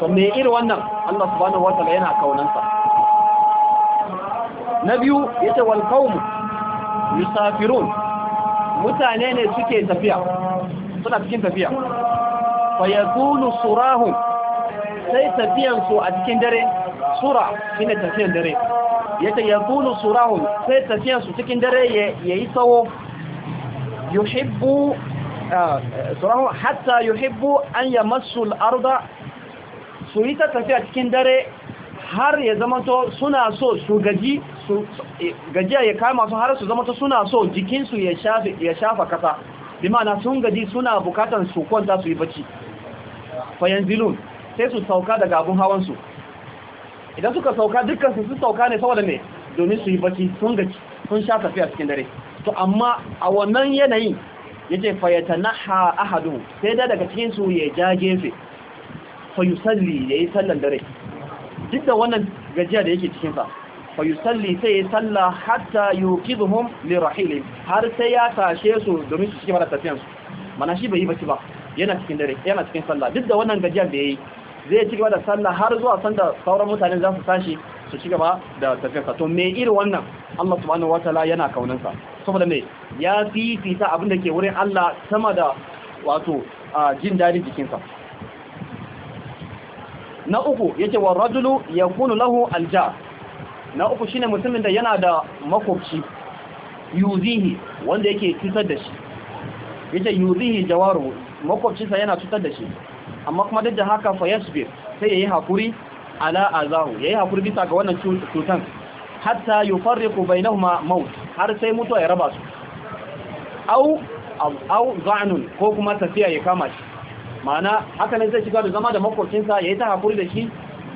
to me irin wannan Allah subhanahu wataala yana kaunansa na biyu yace wal qaum yusafirun mutane ne suke tafiya suna cikin tafiya fa yakunu surahum sai tafiyansu a cikin dare sura shi ne tafiyan dare ya ce ya zulu surahun sai tafiyansu cikin dare ya yi tsawo yuhibbu ah, surahun hatta yuhibbu an ya masu arda, su yi ta tafiya cikin dare har ya zamanto suna so su gaji su eh, gajiya ya kama su har su zamanto suna so jikinsu ya shafa kasa bi ma'ana sun gaji suna bukatan su kwanta su yi bacci fayanzilun sai su sauka daga abun hawansu idan suka sauka dukkan su su sauka ne saboda me domin su yi baki sun gaci sun sha tafiya cikin dare to amma a wannan yanayin yace fayatanaha ahadu sai da daga cikin su ya ja gefe fa yusalli yi sallan dare duk da wannan gajiya da yake cikin fa, fa yusalli sai ya salla hatta yuqidhum li rahilin har sai ya tashe su domin su cikin tafiyan su mana shi bai yi baki ba yana cikin dare yana cikin sallah duk da wannan gajiya da yayi zai ci gaba da sallah har zuwa sanda sauran mutane za su sashi su ci gaba da tafiyarsa to me irin wannan Allah subhanahu wataala yana kaunansa saboda me ya fifita abin da ke wurin Allah sama da wato jin dadin jikinsa na uku yace wa rajulu yakunu lahu alja na uku shine mutumin da yana da makwabci yuzihi wanda yake cutar da shi yace yuzihi jawaru makwabcinsa yana cutar da shi amma kuma duk da haka fa yasbir sai yayi hakuri ala azahu yayi hakuri bisa ga wannan cutan hatta yufarriqu bainahuma maut har sai mutuwa ya raba su au au za'nun ko kuma tafiya ya kama shi ma'ana haka ne zai shiga da zama da sa yayi ta hakuri da shi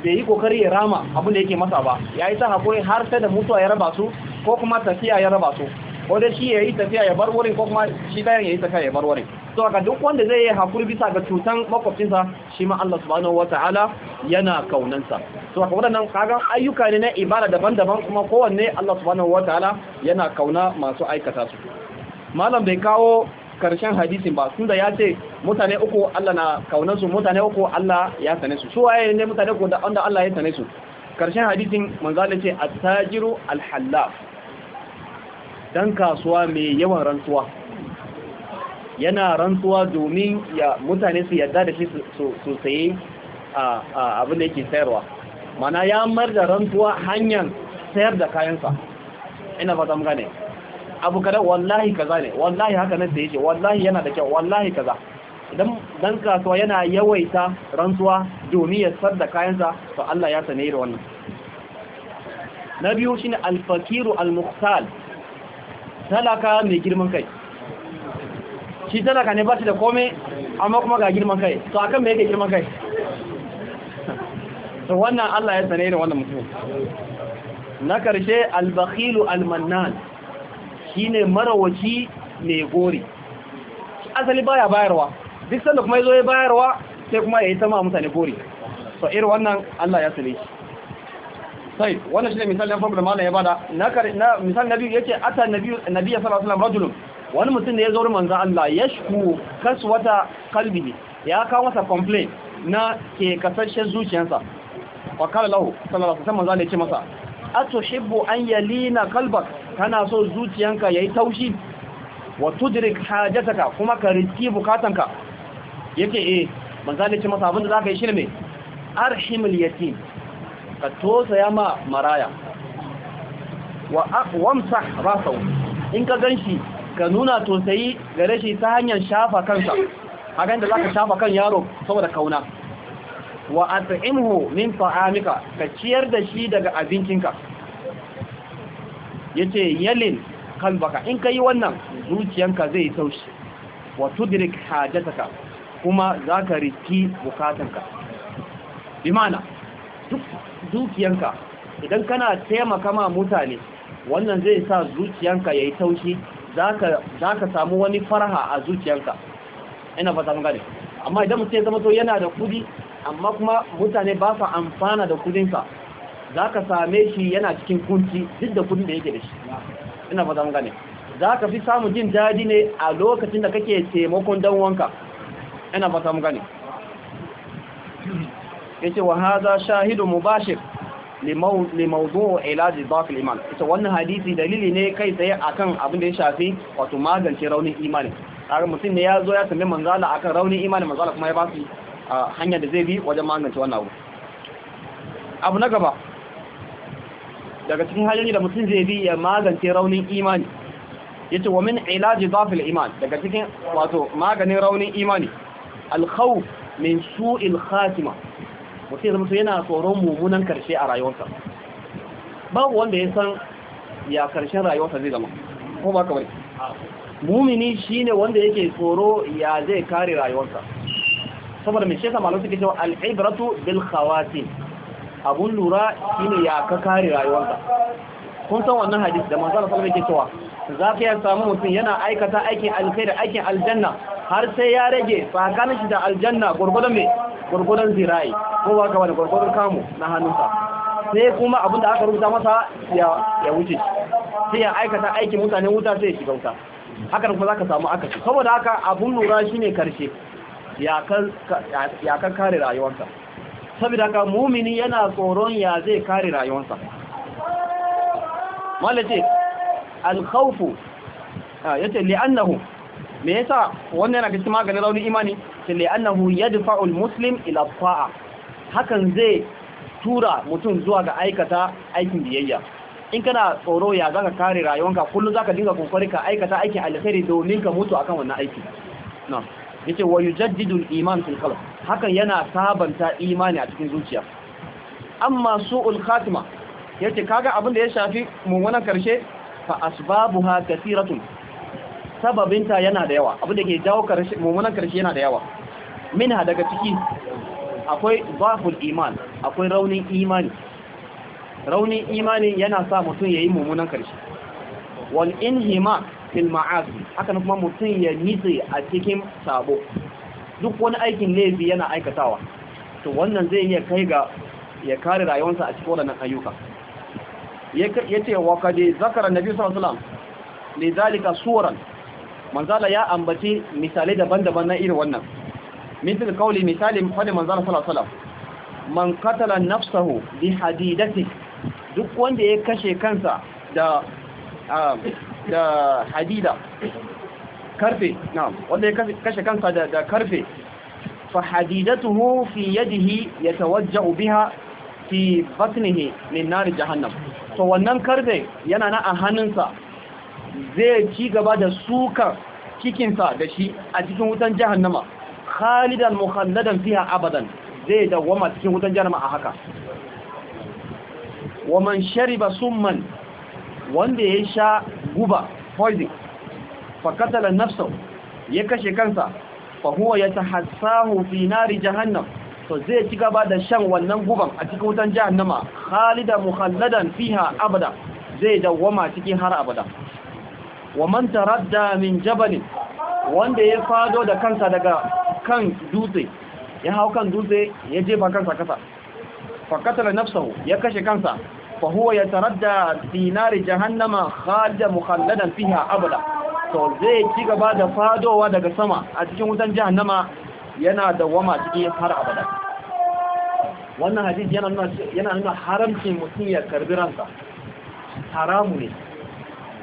bai yi kokari ya rama abin da yake masa ba yayi ta hakuri har sai da mutuwa ya raba su ko kuma tafiya ya raba su ko da shi yayi tafiya ya bar wurin ko kuma shi dayan yayi tafiya ya bar wurin so haka duk wanda zai yi hakuri bisa ga cutan makwabcinsa shi ma Allah subhanahu wataala yana kaunansa so haka waɗannan kaga ayyuka ne na ibada daban-daban kuma kowanne Allah subhanahu wataala yana kauna masu aikata su malam bai kawo karshen hadisin ba tunda ya ce mutane uku Allah na su, mutane uku Allah ya sane su su waye ne mutane uku da wanda Allah ya sane su karshen hadisin Manzali ce al-hallaf dan kasuwa mai yawan rantsuwa yana rantsuwa domin ya mutane su yadda da shi su saye abin da yake sayarwa mana ya mar da rantsuwa hanyar sayar da kayansa ina fata mun gane abu kada wallahi kaza ne wallahi haka nan da yake wallahi yana da kyau wallahi kaza idan dan kasuwa yana yawaita rantsuwa domin ya sayar da kayansa to Allah ya sane da wannan na biyu shine al-fakiru al-muqtal talaka mai girman kai shi ka ne ba shi da komai amma kuma ga girman kai to akan me yake girman kai to wannan Allah ya sane da wannan mutum na karshe albakhilu almannan shine marawaci ne gori asali baya bayarwa duk sanda kuma yazo ya bayarwa sai kuma yayi tama mutane gori to irin wannan Allah ya sane sai wannan shine misalin farko da malam ya bada na misal nabi yace ata nabi nabi sallallahu alaihi wasallam rajulun wani mutum da ya zo manzo Allah ya shku kaswata kalbi ya kawo masa complaint na ke kasashen zuciyarsa wa kala lahu sallallahu alaihi wasallam ya ce masa atuhibbu an yalina kalbak kana so zuciyanka yayi taushi wa tudrik hajataka kuma ka riski bukatanka yake eh manzo ya ce masa abin da zaka yi shine me arhimul yatim ka tosa yama maraya wa aqwamsah rasahu in ka ganshi ka nuna tausayi gare rashi ta hanyar shafa kansa hakan da ka shafa kan yaro saboda kauna wa at'imhu min fa'amika ka ciyar da shi daga abincinka Ya yace yalin baka in ka yi wannan zuciyanka zai yi taushi wa tudrik hajjataka kuma za ka riki bukatanka bi idan kana taimaka ma mutane wannan zai sa zuciyanka ya yi taushi za ka samu wani farha a zuciyanka ina ba samun gane amma idan mutum ya zama to yana da kudi amma kuma mutane ba sa amfana da kudinsa za ka same shi yana cikin kunci duk da kudin da yake da shi ina ba samun gane za ka fi samun jin daɗi ne a lokacin da kake taimakon dan wanka ina ba samun gane yace wa hadha shahidu mubashir limawzu'u ilaji dhaf al-iman ita wannan hadisi dalili ne kai tsaye akan abin da ya shafi wato magance raunin imani har mutum ne ya zo ya tambaye manzala akan raunin imani manzala kuma ya ba su hanya da zai bi wajen magance wannan abu abu na gaba daga cikin hanyoyi da mutum zai bi ya magance raunin imani yace wa min ilaji dhaf iman daga cikin wato maganin raunin imani al min su'il khatima mutum zama yana tsoron mummunan karshe a rayuwarsa babu wanda ya san ya karshen rayuwarsa zai zama ko ba kamar mumini shine wanda yake tsoro ya zai kare rayuwarsa saboda mai shesa malam suke cewa al'ibratu bil abun lura shine ya ka kare rayuwarsa kun san wannan hadisi da manzo Allah sallallahu alaihi wasallam yake cewa zaka ya samu mutum yana aikata aikin alkhairi aikin aljanna har sai ya rage tsakanin shi da aljanna gurgudan me gurgudan zirai ko ba ka wani gurgudan kamu na hannunka sai kuma abin da aka rubuta masa ya ya wuce sai ya aikata aikin mutanen wuta sai ya shiga wuta haka kuma zaka samu akaci saboda haka abun lura shine karshe ya kan kare rayuwarsa saboda haka mumini yana tsoron ya zai kare rayuwarsa malace alkhawfu ah, yace li'annahu me yasa wannan yana cikin maganin raunin imani ce li'annahu yadfa'u almuslim ila ta'a hakan zai tura mutum zuwa ga aikata aikin biyayya in kana tsoro ya zaka kare rayuwanka kullum zaka dinga kokari ka aikata aikin alkhairi domin ka mutu akan wannan aiki na yace wa yujaddidu al-iman fil qalb hakan yana sabanta imani a cikin zuciya amma su'ul khatima yace kaga abin da ya shafi mummunan karshe fa asbabuha Sababin sababinta yana da yawa abin da ke jawo karshe mummunan karshe yana da yawa minha daga ciki akwai zaful iman akwai raunin imani raunin imani yana sa mutum yayi mummunan karshe wal inhima fil ma'asi haka kuma mutum ya nitse a cikin sabo duk wani aikin laifi yana aikatawa to wannan zai iya kai ga ya kare rayuwarsa a cikin waɗannan ayyuka yace wa kad zakara nabi sallallahu alaihi wasallam lidhalika suran manzala ya ambaci misalai daban-daban na irin wannan mithil qawli misali fadin manzala sallallahu alaihi wasallam man qatala nafsahu bi hadidati duk wanda ya kashe kansa da ah, da hadida karfe na'am wanda ya kashe kansa da da karfe fa hadidatuhu fi yadihi yatawajja'u biha fi batnihi min nar jahannam to wannan karfe yana na a hannunsa zai ci gaba da sukan cikinsa da shi a cikin wutan jahannama khalidan mukhalladan fiha abadan zai dawama cikin wutan jahannama a haka wa ba shariba summan wanda ya sha guba poison fa nafsau ya kashe kansa fa huwa yatahassahu fi nari jahannam to zai ci gaba da shan wannan guban a cikin wutan jahannama khalida mukhalladan fiha abada zai dawwama cikin har abada wa man taradda min jabalin wanda ya fado da kansa daga kan dutse ya hau kan dutse ya jefa kansa kasa fakatala nafsahu ya kashe kansa fa huwa yataradda fi nari jahannama khalida mukhalladan fiha abada to zai ci gaba da fadowa daga sama a cikin wutan jahannama yana da wama cikin har abada wannan hadisi yana nuna yana nuna haramcin mutum ya karbi ranka. haramu ne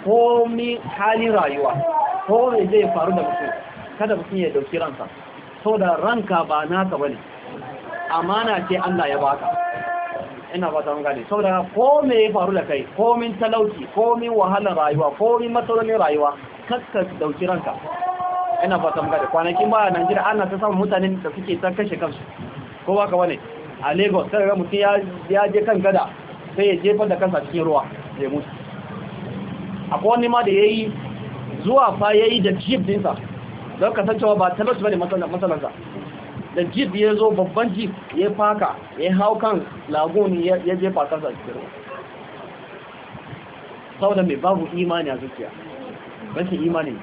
ko mi halin rayuwa ko me zai faru da mutum kada mutum ya dauki so da ranka ba naka bane amana ce Allah ya baka ina fata mun gane saboda ko me ya faru da kai ko min talauci ko min wahalar rayuwa ko min matsalolin rayuwa kakka dauki ranka ina fata muka da kwanakin ba a Najeriya ana ta samun mutanen da suke ta kashe kansu ko ba ka wane a Lagos sai ga mutum ya je kan gada sai ya jefar da kansa cikin ruwa ya mutu a wani ma da ya yi zuwa fa ya yi da jeep dinsa don kasancewa ba ba bane matsalarsa da jeep ya zo babban jeep ya faka ya hau kan lagun ya jefa kansa cikin ruwa sau da mai babu imani a zuciya rashin imani ne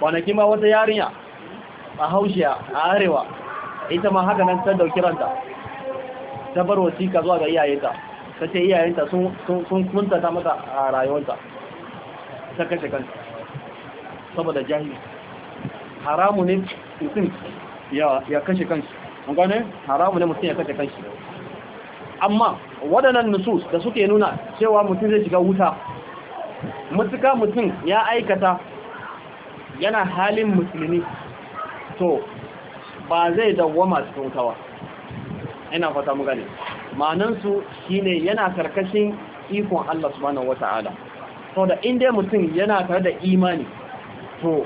kwanaki ma wata yarinya a haushiya a arewa ita ma haka nan ta dauki ranta ta bar wasiƙa zuwa ga iyayenta ta ce iyayenta sun kunta ta mata a rayuwarta ta kashe kanta saboda jahili haramu ne mutum ya kashe kanshi an gane haramu ne mutum ya kashe kanshi amma waɗannan nusus da suke nuna cewa mutum zai shiga wuta mutuka mutum ya aikata yana halin musulmi to ba zai dawoma cikin wuta ina fata mu gane manan su shine yana karkashin ikon Allah subhanahu wataala to da inda mutum yana tare da imani to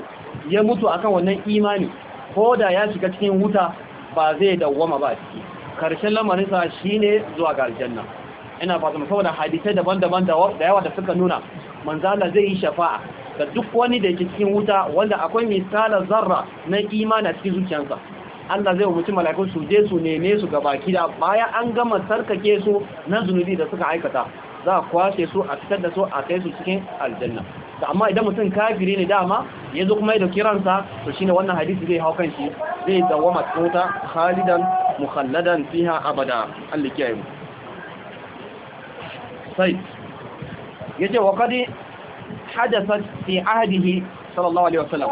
ya mutu akan wannan imani ko da ya shiga cikin wuta ba zai dawoma ba ciki karshen lamarin sa shine zuwa ga aljanna ina fata mu saboda hadisai daban-daban da yawa da suka nuna Manzala zai yi shafa'a Da duk wani da yake cikin wuta wanda akwai misalan zarra na imani a cikin zuciyarsa Allah zai mutum mala'iku su je su neme su ga baki da bayan an gama sarkake su na zunubi da suka aikata za a kwashe su a fitar da su a kai su cikin aljanna da amma idan mutum kafiri ne dama ya zo kuma da kiransa to shine wannan hadisi zai hau kan shi zai zawama cikin wuta khalidan mukhalladan fiha abada Allah kiyaye mu sai yace wa kadi حدثت في عهده صلى الله عليه وسلم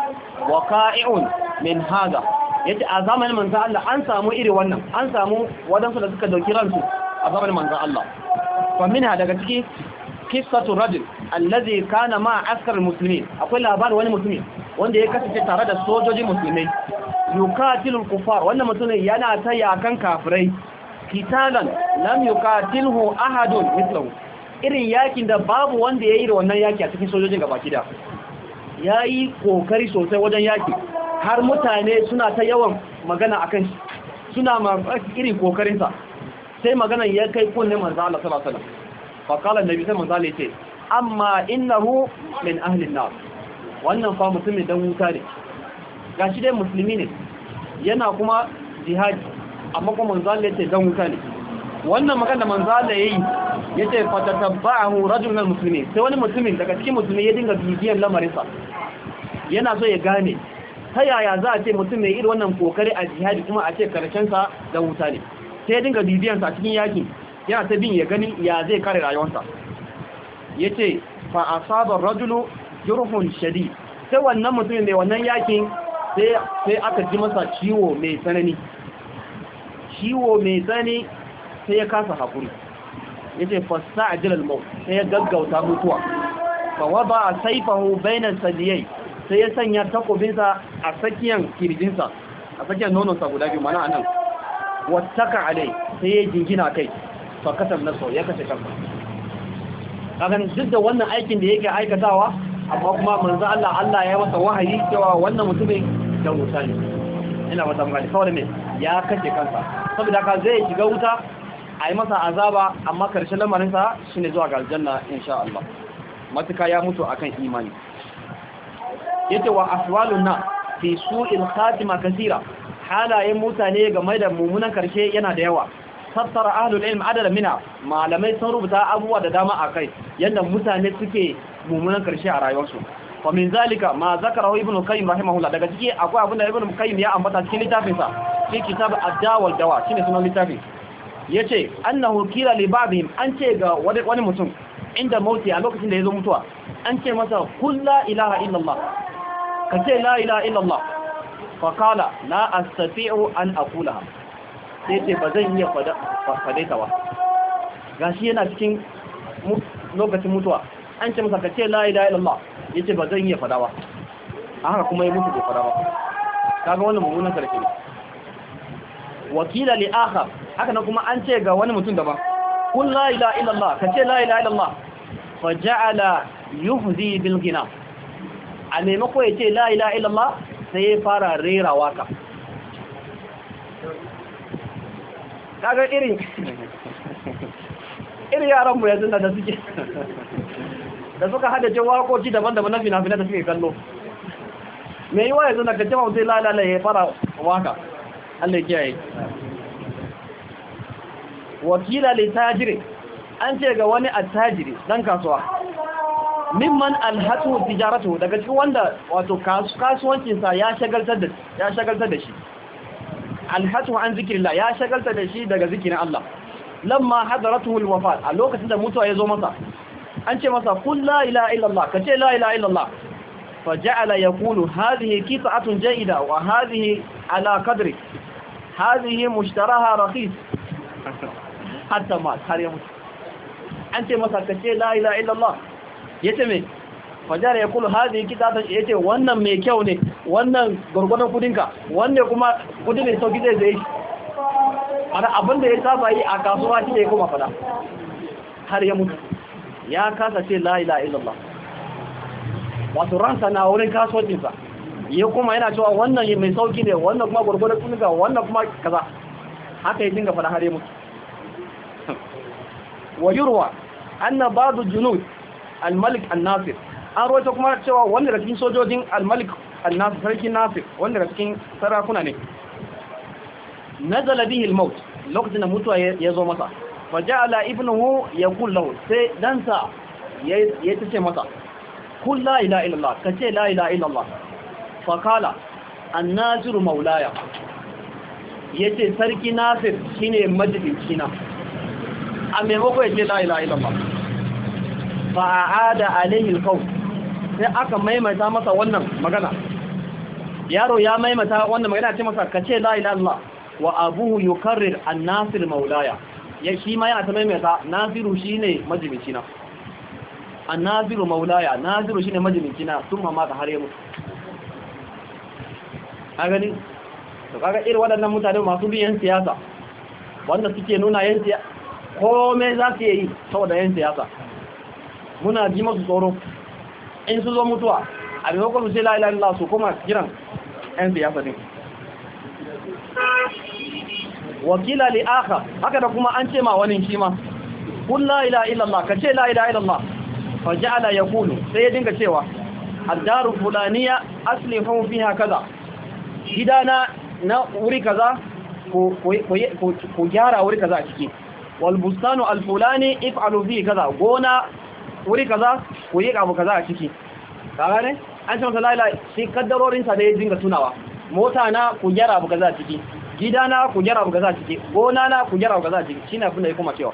وقائع من هذا yace a zamanin manzo Allah an samu iri wannan an samu wadansu da suka dauki ransu a zamanin manzo Allah fa daga ciki kissatu rajul allazi kana ma askar muslimin akwai labarin wani mutumi wanda ya kasance tare da sojojin musulmai yuqatilul kufar wannan mutumin yana ta yakan kafirai kitalan lam yuqatilhu ahadun mithluhu irin yakin da babu wanda ya yi da wannan yaki a cikin sojojin gaba kida ya yi kokari sosai wajen yaki har mutane suna ta yawan magana a kan suna mamaki irin kokarinsa sai magana ya kai kunne manzo Allah sallallahu alaihi da fa kala annabi sai manzo Allah yace amma min ahalin na. wannan fa mutumin dan wuta ne shi dai musulmi ne yana kuma jihadi amma kuma Manzala Allah ce dan wuta ne wannan magana Manzala Allah yi. yace fa tatabbahu rajulun minal muslimin sai wani mutumin daga cikin musulmi ya dinga bibiyar lamarinsa yana so ya gane ta yaya za a ce mutum mai irin wannan kokari a jihadi kuma a ce karshen sa da wuta ne sai ya dinga bibiyan sa cikin yaki yana ta bin ya gani ya zai kare rayuwarsa yace fa asaba rajulu jurhun shadid sai wannan mutumin mai wannan yakin sai aka ji masa ciwo mai tsanani ciwo mai tsanani sai ya kasa hakuri yace fasta'jil al-maut sai ya gaggauta mutuwa fa wada sayfahu bayna sadiyai sai ya sanya takobinsa a tsakiyan kirjinsa a tsakiyan nononsa guda biyu mana anan wattaka alai sai ya jingina kai fa kasam naso ya kace kansa kagan duk da wannan aikin da yake aikatawa amma kuma manzo Allah Allah ya masa wahayi cewa wannan mutumin da ne. ina wata magana saboda me ya kace kansa saboda ka zai shiga wuta a yi masa azaba amma karshen lamarinsa shi ne zuwa galjanna aljanna insha Allah matuka ya mutu akan imani yake wa aswalun na fi su'il khatima kasira halayen mutane game da mummunan karshe yana da yawa tattara ahlul ilm adala mina malamai sun rubuta abubuwa da dama kai yadda mutane suke mummunan karshe a rayuwarsu wa min zalika ma zakarahu ibnu qayyim rahimahullah daga ciki akwai abin da ibnu qayyim ya ambata cikin littafinsa cikin kitab ad-dawa dawa shine sunan littafin Ya ce an qila li ba'dihim an ce ga wani mutum inda mauti a lokacin da ya zo mutuwa an ce masa kula ilaha illallah ka ce la ilaha illallah fakala na la an aqulaha sai ce ba zan iya fadaita ba gashi yana cikin lokacin mutuwa an ce masa ka ce la ilaha illallah ce ba zan iya fadawa a haka kuma ya mutu bai fada ba kaga wannan mummunan sarki. ne wakila li akhar haka nan kuma an ce ga wani mutum daban kun la ilaha ka ce la ilaha illallah fa ja'ala yuhzi bil gina a maimako ya ce la ilaha sai ya fara rera waka kaga irin irin yaran mu yanzu da suke da suka hada ce wakoci daban-daban na fina-fina da suke kallo mai yi wa yanzu da kacce jama mutum la ilaha ya fara waka Allah ya kiyaye wakila li tajiri an ce ga wani attajiri dan kasuwa mimman alhatu tijaratu daga cikin wanda wato kasuwancinsa ya shagaltar da ya shagaltar da shi alhatu an zikrillah ya shagaltar da shi daga zikirin Allah lamma hadaratu alwafat a lokacin da mutuwa ya zo masa an ce masa kul la ilaha illallah kace la ilaha illallah faja'ala yaqulu hadhihi qita'atun jayida wa hadhihi ala qadri hadhihi mushtaraha raqis hatta ma har ya mutu an ce masa kace la ilaha illallah yace me fajar ya kulu hadi kitata yace wannan mai kyau ne wannan gurgurdan kudinka wanne kuma kudin ne sauki zai zai ana abin da ya saba yi a kasuwa shi ne kuma fada har ya mutu ya kasa ce la ilaha illallah wato ransa na wurin kasuwancinsa ya kuma yana cewa wannan mai sauki ne wannan kuma gurgurdan kudinka wannan kuma kaza haka ya dinga fada har ya mutu ويروى أن بعض الجنود الملك الناصر an rawaito kuma cewa wani da cikin sojojin al-malik al-nasir sarki nasir wanda da sarakuna ne nazala bihi al lokacin da mutuwa ya zo masa fa ja'ala ibnuhu yaqul lahu sai dan ya tace masa kul la ilaha illallah kace la ilaha an maulaya yace sarki nasir shine majibin a maimako ya ce la'ila ilama ba a ada alayhi kau sai aka maimaita masa wannan magana yaro ya maimaita wannan magana ce masa ka ce la'ila Allah wa abuhu yukarrir an nasir maulaya ya shi ma yana ta maimaita nasiru shi ne majimicina an nasiru maulaya nasiru shi ne majimicina sun ma har hare mu. a gani to kaga irin waɗannan mutane masu biyan siyasa wanda suke nuna yan me za su yi saboda yan siyasa muna ji masu tsoro in su zo mutuwa a bai hukumar sai la'ilayen lasu kuma jiran yan siyasa ne wakila li aka haka da kuma an ce ma wani shi ma kun la'ila ilallah ka ce la'ila ilallah fa ala ya kulu sai ya dinga cewa addaru fulaniya aslihu fiha kaza gidana na wuri kaza ko gyara wuri kaza a ciki wal Alfulani al fulani if'alu fi kaza gona wuri kaza ku yi abu kaza a ciki ka ne? an ce masa laila shi kaddarorin sa da ya dinga tunawa mota na ku gyara abu kaza a ciki gida na ku gyara abu kaza a ciki gona na ku gyara abu kaza a ciki shine abin da ya kuma cewa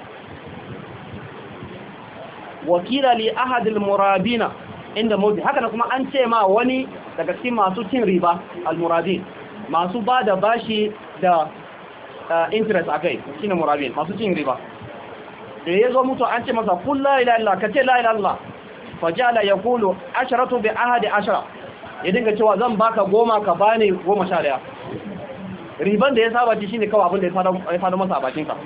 wakila li ahad murabina inda mawdi haka kuma an ce ma wani daga cikin masu cin riba al muradin masu ba da bashi da Eh, interest akai shine murabin masu cin riba da ya zo mutu an ce masa kun la ila illa ka ce la ila Allah fajala ya kulu asharatu bi ahadi ashara ya dinga cewa zan baka goma ka bani goma sha daya riban da ya saba ci shine kawai abin da ya fada masa a bakinka. sa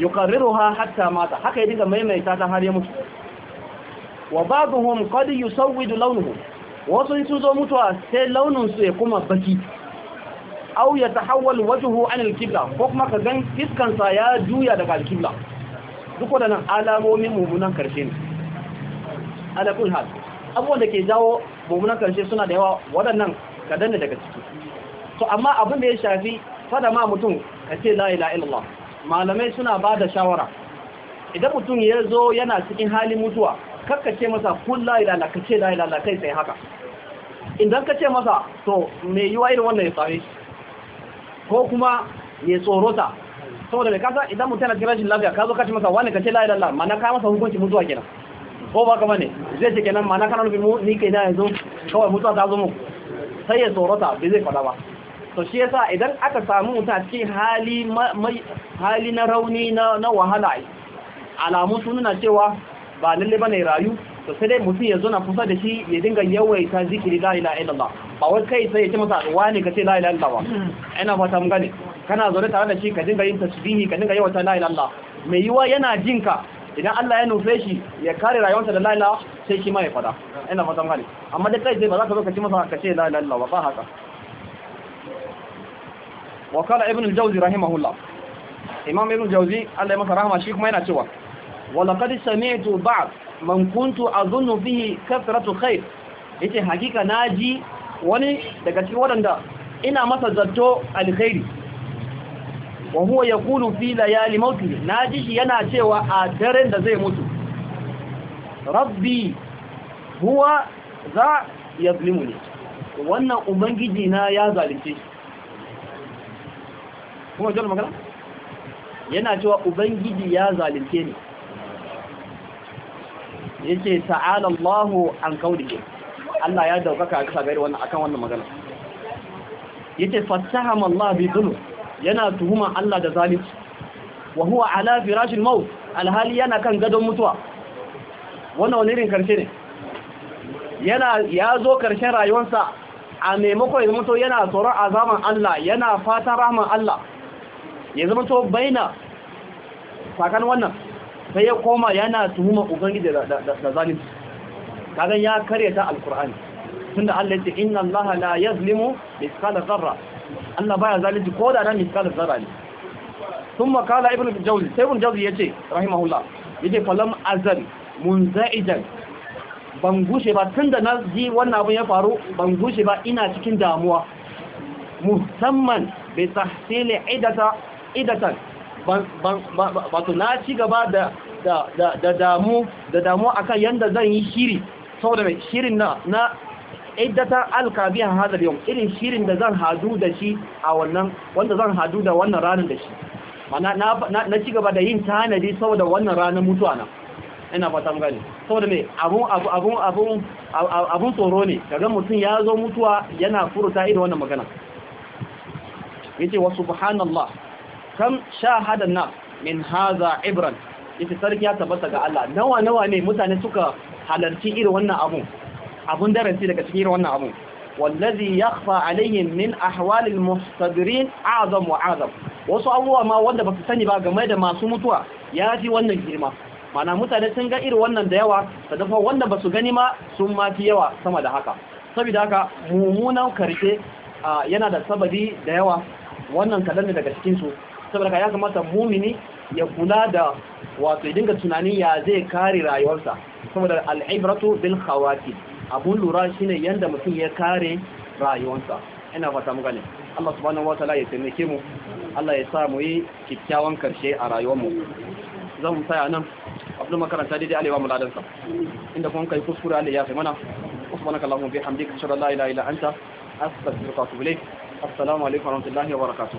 yuqarriruha hatta mata haka ya dinga maimaita ta har ya mutu wa ba'dhum qad yusawwidu launuhu wasu sun zo mutuwa sai launin su ya kuma baki aw tahawwal wajhu an al-qibla ko kuma ka gan fiskan sa ya juya daga al-qibla duk nan alamomin mummunan karshe ne ala kul hal abubuwan da ke jawo mummunan karshe suna da yawa wadannan ka danne daga ciki to amma abin da ya shafi fada ma mutum ka ce la ilaha illallah malamai suna ba da shawara idan mutum ya zo yana cikin halin mutuwa kakka ce masa kun la ilaha ka ce la ilaha kai sai haka idan ka ce masa to me yiwa irin wannan ya same shi ko kuma ya tsorota saboda mai kasa idan mutum na cikin rashin lafiya ka zo ka ci masa wani ka ce la mana ka masa hukunci mutuwa kenan ko ba kama ne zai ce kenan mana kana nufin mu ni kai na yanzu kawai mutuwa ta zo mu sai ya tsorota bai zai faɗa ba to shi yasa idan aka samu mutum a cikin hali hali na rauni na wahala alamu sun nuna cewa ba lalle bane rayu to sai dai mutum ya na kusa da shi ya dinga yawaita zikiri la ilaha illallah ba wai kai sai ya ce masa wani ka ce la ilaha illallah ba hmm. ina fata mun gane kana zaune tare da shi ka dinga yin tasbihi ka dinga yawaita la ilaha illallah mai yiwa yana jin ka idan Allah ya nufe shi ya kare rayuwarsa da la ilaha sai shi ma ya fada ina fata mun gane amma dai kai sai ba za ka zo ka ce masa ka ce la ilaha illallah ba haka wa qala ibn al-jawzi rahimahullah imam ibn al-jawzi Allah ya masa rahama shi kuma yana cewa wa laqad sami'tu ba'd man kuntu azunnu bihi kasratu khair yace hakika naji wani daga cikin wadanda ina masa zato alkhairi wa huwa yaqulu fi layali mauti ji shi yana cewa a daren da zai mutu rabbi huwa za yazlimuni wannan ubangiji na ya zalunce kuma yana cewa ubangiji ya zalunce ni yake ta'ala Allahu an qawlihi Allah ya daukaka bisa gari wannan akan wannan magana yace fattahama Allah bi dhulm yana tuhuma Allah da zalunci wa huwa ala rashin maut alhali yana kan gadon mutuwa wannan wani irin karshe ne yana ya zo karshen rayuwarsa a maimakon ya mutu yana tsoron azaman Allah yana fatan rahman Allah ya zama to baina fakan wannan sai ya koma yana tuhuma ubangiji da zalim kaga ya karyata alqur'ani tunda Allah ya ce inna Allah la yazlimu mithqala dharra Allah baya zalimi ko da nan mithqala dharra ne kuma kala ibnu jawzi sai ibnu jawzi yace rahimahullah yace falam azal munza'ijan ban gushe ba tunda na ji wannan abin ya faru ban gushe ba ina cikin damuwa musamman bi tahsil idata idatan wato na ci gaba da damu da damu akan yanda zan yi shiri saboda mai shirin na na iddatar a hadar yau irin shirin da zan hadu da shi a wannan wanda zan hadu da wannan ranar da shi na ci gaba da yin tanadi saboda wannan ranar mutuwa na ina fatan gani saboda mai abun abun abun abun tsoro ne kaga mutum ya zo mutuwa yana furuta irin wannan magana yace wa subhanallah kam shahada na min haza ibran yace sarki ya tabbata ga Allah nawa nawa ne mutane suka halarci irin wannan abun abun darasi daga cikin irin wannan abu wallazi yakhfa alaihim min ahwalil muhtadirin azam wa azam wasu abubuwa ma wanda ba su sani ba game da masu mutuwa ya fi wannan girma mana mutane sun ga irin wannan da yawa da dafa wanda ba su gani ma sun ma fi yawa sama da haka saboda haka mummunan karfe yana da sababi da yawa wannan kadan ne daga cikin su saboda ka ya kamata mumini ya kula da wato ya dinga tunanin ya zai kare rayuwarsa saboda al'ibratu bil khawati abun lura shine yanda mutum ya kare rayuwarsa ina fata mu gane Allah subhanahu ta'ala ya taimake mu Allah ya sa mu yi kikkiawan karshe a rayuwarmu zan mu tsaya nan abu makaranta dai alewa sa, inda kuma kai kuskure Allah ya sai mana subhanaka allahumma bihamdika ashhadu an la ilaha illa anta astaghfiruka wa atubu ilayk assalamu alaikum wa rahmatullahi wa barakatuh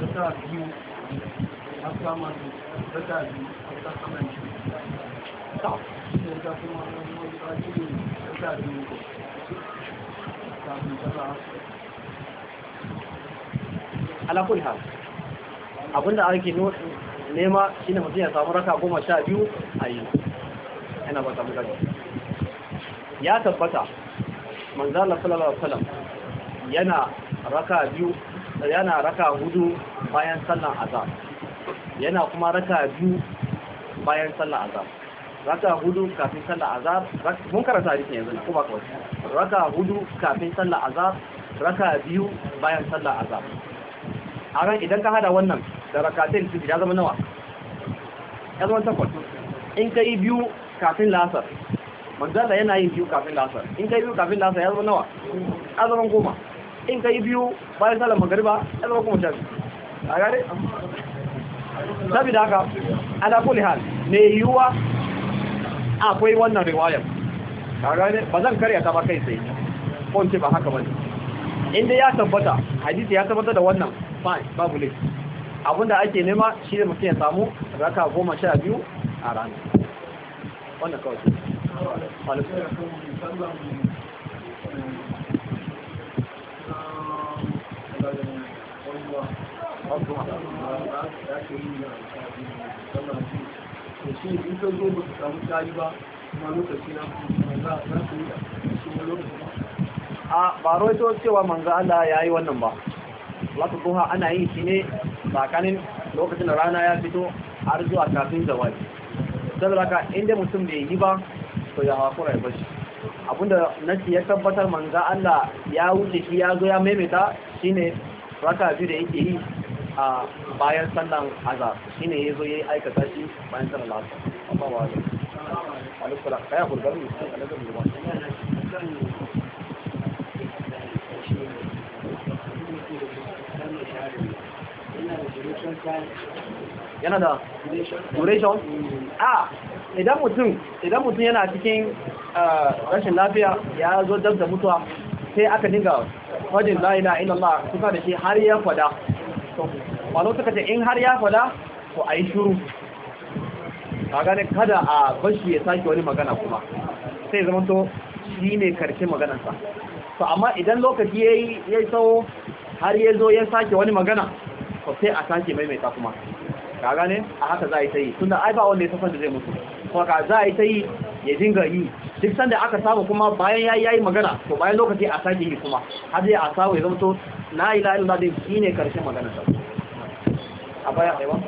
raka biyu ala hal abinda ake nema shine mutum ya samu raka goma sha biyu a yi yana ba samu gaji ya tabbata manzala sallallahu alaihi yana raka biyu yana raka hudu bayan sallan azhar yana kuma raka biyu bayan sallan azhar raka hudu kafin sallan azhar mun karanta hadisi yanzu ko ba kawai raka hudu kafin sallan azhar raka biyu bayan sallan azhar a ran idan ka hada wannan da rakatin su ya zama nawa ya zama takwas in ka yi biyu kafin lasar manzala yana yin biyu kafin lasar in ka yi biyu kafin lasar ya zama nawa ya zama goma in ka yi biyu bayan salar magariba ya zama kuma sha biyu a gane da haka ala kuli hal ne yiwuwa akwai wannan riwayar a gare ba zan karya ta ba kai sai ko ce ba haka wani inda ya tabbata hadisi ya tabbata da wannan fine babu ne abinda ake nema shi ne mutum ya samu raka goma sha biyu a rana wannan kawai a ba roito cewa manzo Allah ya yi wannan ba wata duha ana yin shi ne tsakanin lokacin da rana ya fito har zuwa kafin zawali Zan raka inda mutum bai yi ba to ya hakura ya bashi abinda nasi ya tabbatar manzo Allah ya wuce shi ya zo ya maimaita shine raka biyu da yake yi a bayan sallan azar shi ne ya zo ya yi aikata shi bayan sallan lasa amma ba wani alikula kaya gurgar ne sai alagar ruwa yana da duration a idan mutum idan mutum yana cikin rashin lafiya ya zo dab da mutuwa sai aka dinga fadin la ina Allah kusa da shi har ya fada wani suka ce in har ya fada ko a yi shuru a gane kada a bashi ya sake wani magana kuma sai zama to shi ne karshe maganarsa to amma idan lokaci ya yi tsawo har ya zo ya sake wani magana to sai a sake maimaita kuma ka gane a haka za a yi ta yi tunda ai ba wanda ya safar da zai mutu kuma ka za a yi ta yi ya dinga yi duk sanda aka samu kuma bayan ya yi magana to bayan lokaci a sake yi kuma har sai a samu ya zama to la ilaha illallah din shine karshen magana ta a baya aiwa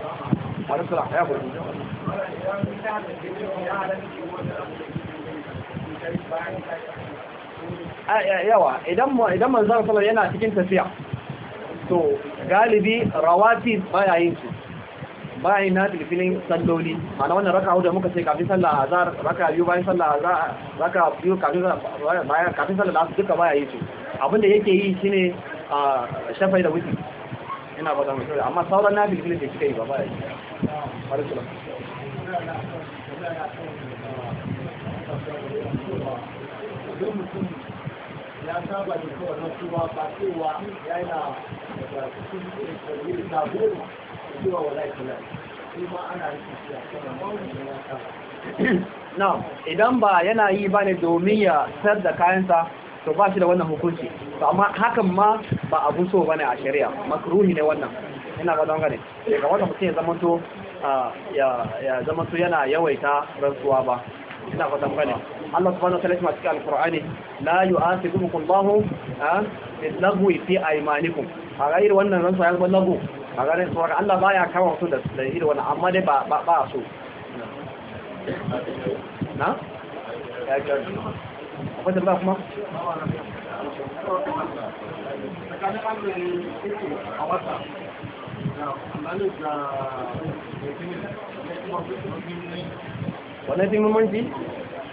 wani sura ya gudu yawa idan manzan sallar yana cikin tafiya to galibi rawati baya yin su baya yin nafi filin salloli mana wannan raka hudu muka ce kafin sallar azar raka biyu bayan sallar azar raka biyu kafin sallar azar duka baya yin su abinda yake yi shine a shafai da wiki ina ba da amma sauran na da yi ba baya na idan ba yana yi ba ne domin ya sayar da kayansa to ba shi da wannan hukunci amma hakan ma ba abu so bane a shari'a makruhi ne wannan ina ba dangane daga wannan mutum ya zama to ah, ya zama to yana yawaita rantsuwa ba ina ba dangane Allah subhanahu wa ta'ala ya cikin alqur'ani la yu'athibukum Allahu ah, billaghwi fi aymanikum a gairi wannan rantsuwa ya zama lagu a garin tsoron Allah baya kawo mutum da irin wannan amma dai ba ba so na ya ga kuma wannan fi muhimmanci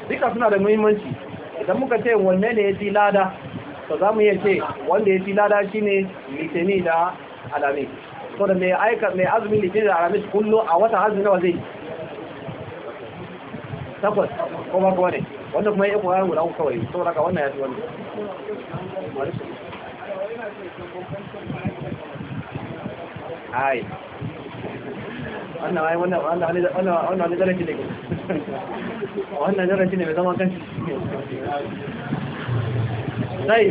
duka suna da muhimmanci idan muka ce wanne ne ya fi lada to za mu iya ce wanda ya fi lada shine litini da alami so da mai aika mai azumin litini da alami kullum a wata azumi nawa zai takwas kuma kuma ne wannan kuma ya koya guda kawai sau ka wannan ya fi wannan ai wannan ai wannan wannan wannan ne wannan daraji ne mai zaman kanci sai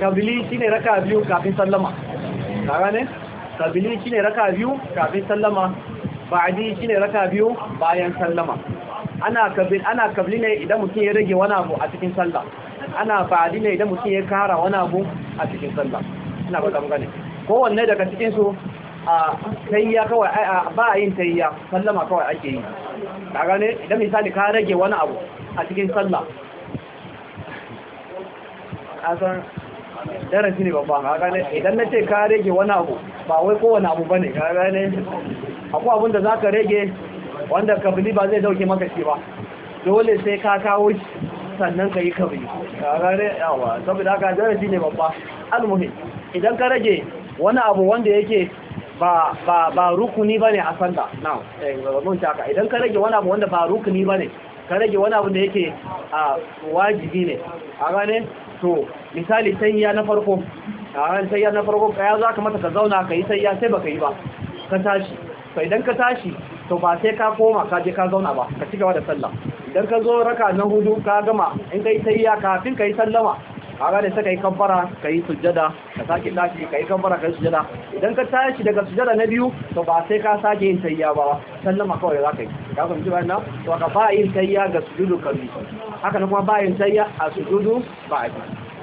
kabili eh, shine raka biyu kafin sallama ka gane kabili shine raka biyu kafin sallama ba'adi shine raka biyu bayan sallama ana kabli ana ne idan mutum ya rage wani abu a cikin sallah ana fa'adi ne idan mutum ya kara wani abu a cikin sallah ina ba zama gane kowanne daga cikin su a tayya kawai ba a yin tayya sallama kawai ake yi ka gane idan misali ka rage wani abu a cikin sallah san darasi ne babba ka gane idan na ce ka rage wani abu ba wai kowane abu bane ka gane akwai abin da zaka rage wanda kabili ba zai dauke maka shi ba dole sai ka kawo shi sannan ka yi kabili saboda haka darasi ne babba almuhi idan ka rage wani abu wanda yake ba rukuni ba ne a sanda now eh mun taka idan ka rage wani abu wanda ba rukuni ba ne, ka rage wani abu da yake a wajibi ne a gane to misali sayya na farko a ran sayya na farko za ka mata ka zauna ka yi sayya sai baka yi ba ka tashi sai idan ka tashi to ba sai ka koma ka je ka zauna ba ka ci gaba da sallah idan ka zo raka na hudu ka gama in kai tayya kafin kai sallama kaga da sai kai kabbara kai sujjada ka sake tashi kai kabbara kai sujjada idan ka tashi daga sujjada na biyu to ba sai ka sake yin tayya ba sallama kawai za ka yi ka fahimci ba na to ka ba yin tayya ga sujudu bi, haka na kuma ba yin tayya a sujudu ba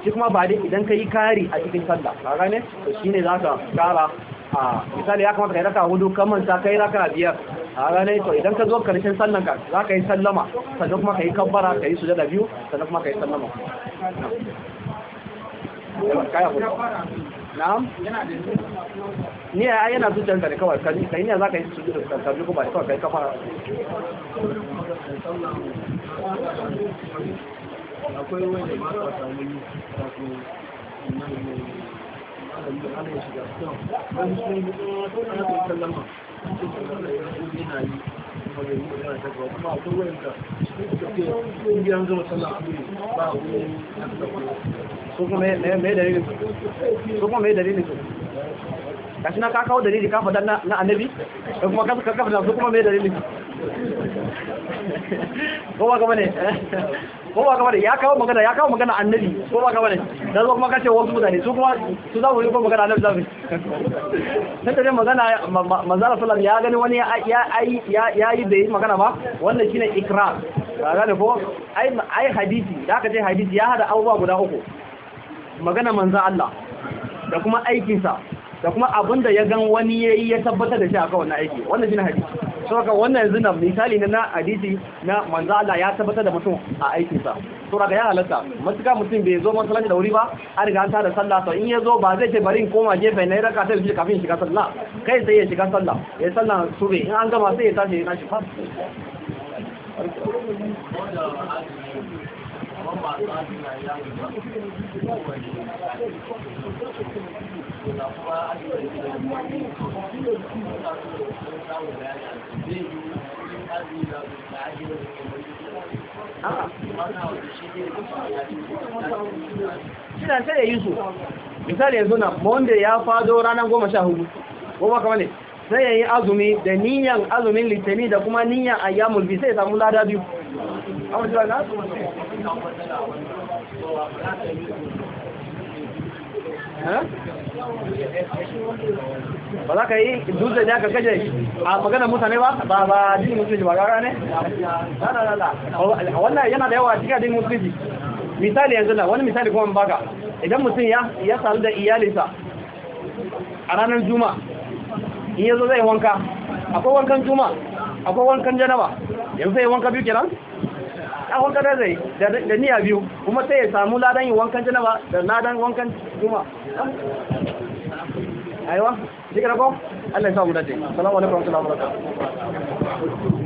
shi kuma ba dai idan ka yi kari a cikin sallah ka ne to shine za ka kara a misali ya kamata ka yi raka hudu ka manta kai raka biyar a ranar to idan ka zo karshen sannan ka za ka yi sallama sannan kuma ka yi kabbara ka yi jada biyu sannan kuma ka yi sallama na'am ni ya yana zuciyar da kawai ka yi ne za ka yi sujada ka bi kuma kawai ka yi akwai wanda ba samu kashi na ka kawo dalili ka faɗa na annabi da kuma ka kafa da su kuma mai dalili su kowa gaba ne ko ba gaba da ya kawo magana ya kawo magana annabi ko ba gaba da da zo kuma kace wasu mutane su kuma su za mu yi magana annabi za mu nan da magana manzara sallallahu ya gani wani ya ai ya yi da yi magana ba wannan shine ikrar ka gane ko ai ai hadisi da aka ce hadisi ya hada abubuwa guda uku magana manzan Allah da kuma aikinsa da kuma abinda ya gan wani yayi ya tabbatar da shi akan wannan aiki wannan shine hadisi saboda wannan yanzu na misali na na hadisi na manzo Allah ya tabbatar da mutum a aikin sa saboda ya halatta matuka mutum bai zo masallaci da wuri ba an riga an tada sallah to in ya zo ba zai ce bari in koma gefe na raka ta shi kafin shiga sallah kai sai ya shiga sallah ya sallah sube in an gama sai ya tashi ya tashi fa Thank Shida sai ya yi su, misali yanzu na Monday ya fado ranar goma sha hudu, goma kama ne, sai azumi da niyan azumin litini da kuma niyan ayyamul bi sai samu lada biyu. Amma jira na? ba za ka yi dutse ya ka kaje a magana mutane ba ba ba jini shi ba gara ne wannan yana da yawa cikin jini shi. misali yanzu da wani misali kuma baka idan mutum ya salu da iyalinsa a ranar juma in yanzu zai wanka akwai wankan juma akwai wankan janaba yanzu zai wanka biyu kenan tsawon kadar zai da niya biyu kuma sai ya samu ladan yi wankan janaba da ladan wankan juma aiwa jikar ko Allah ya samu dace salamu alaikum wa rahmatullahi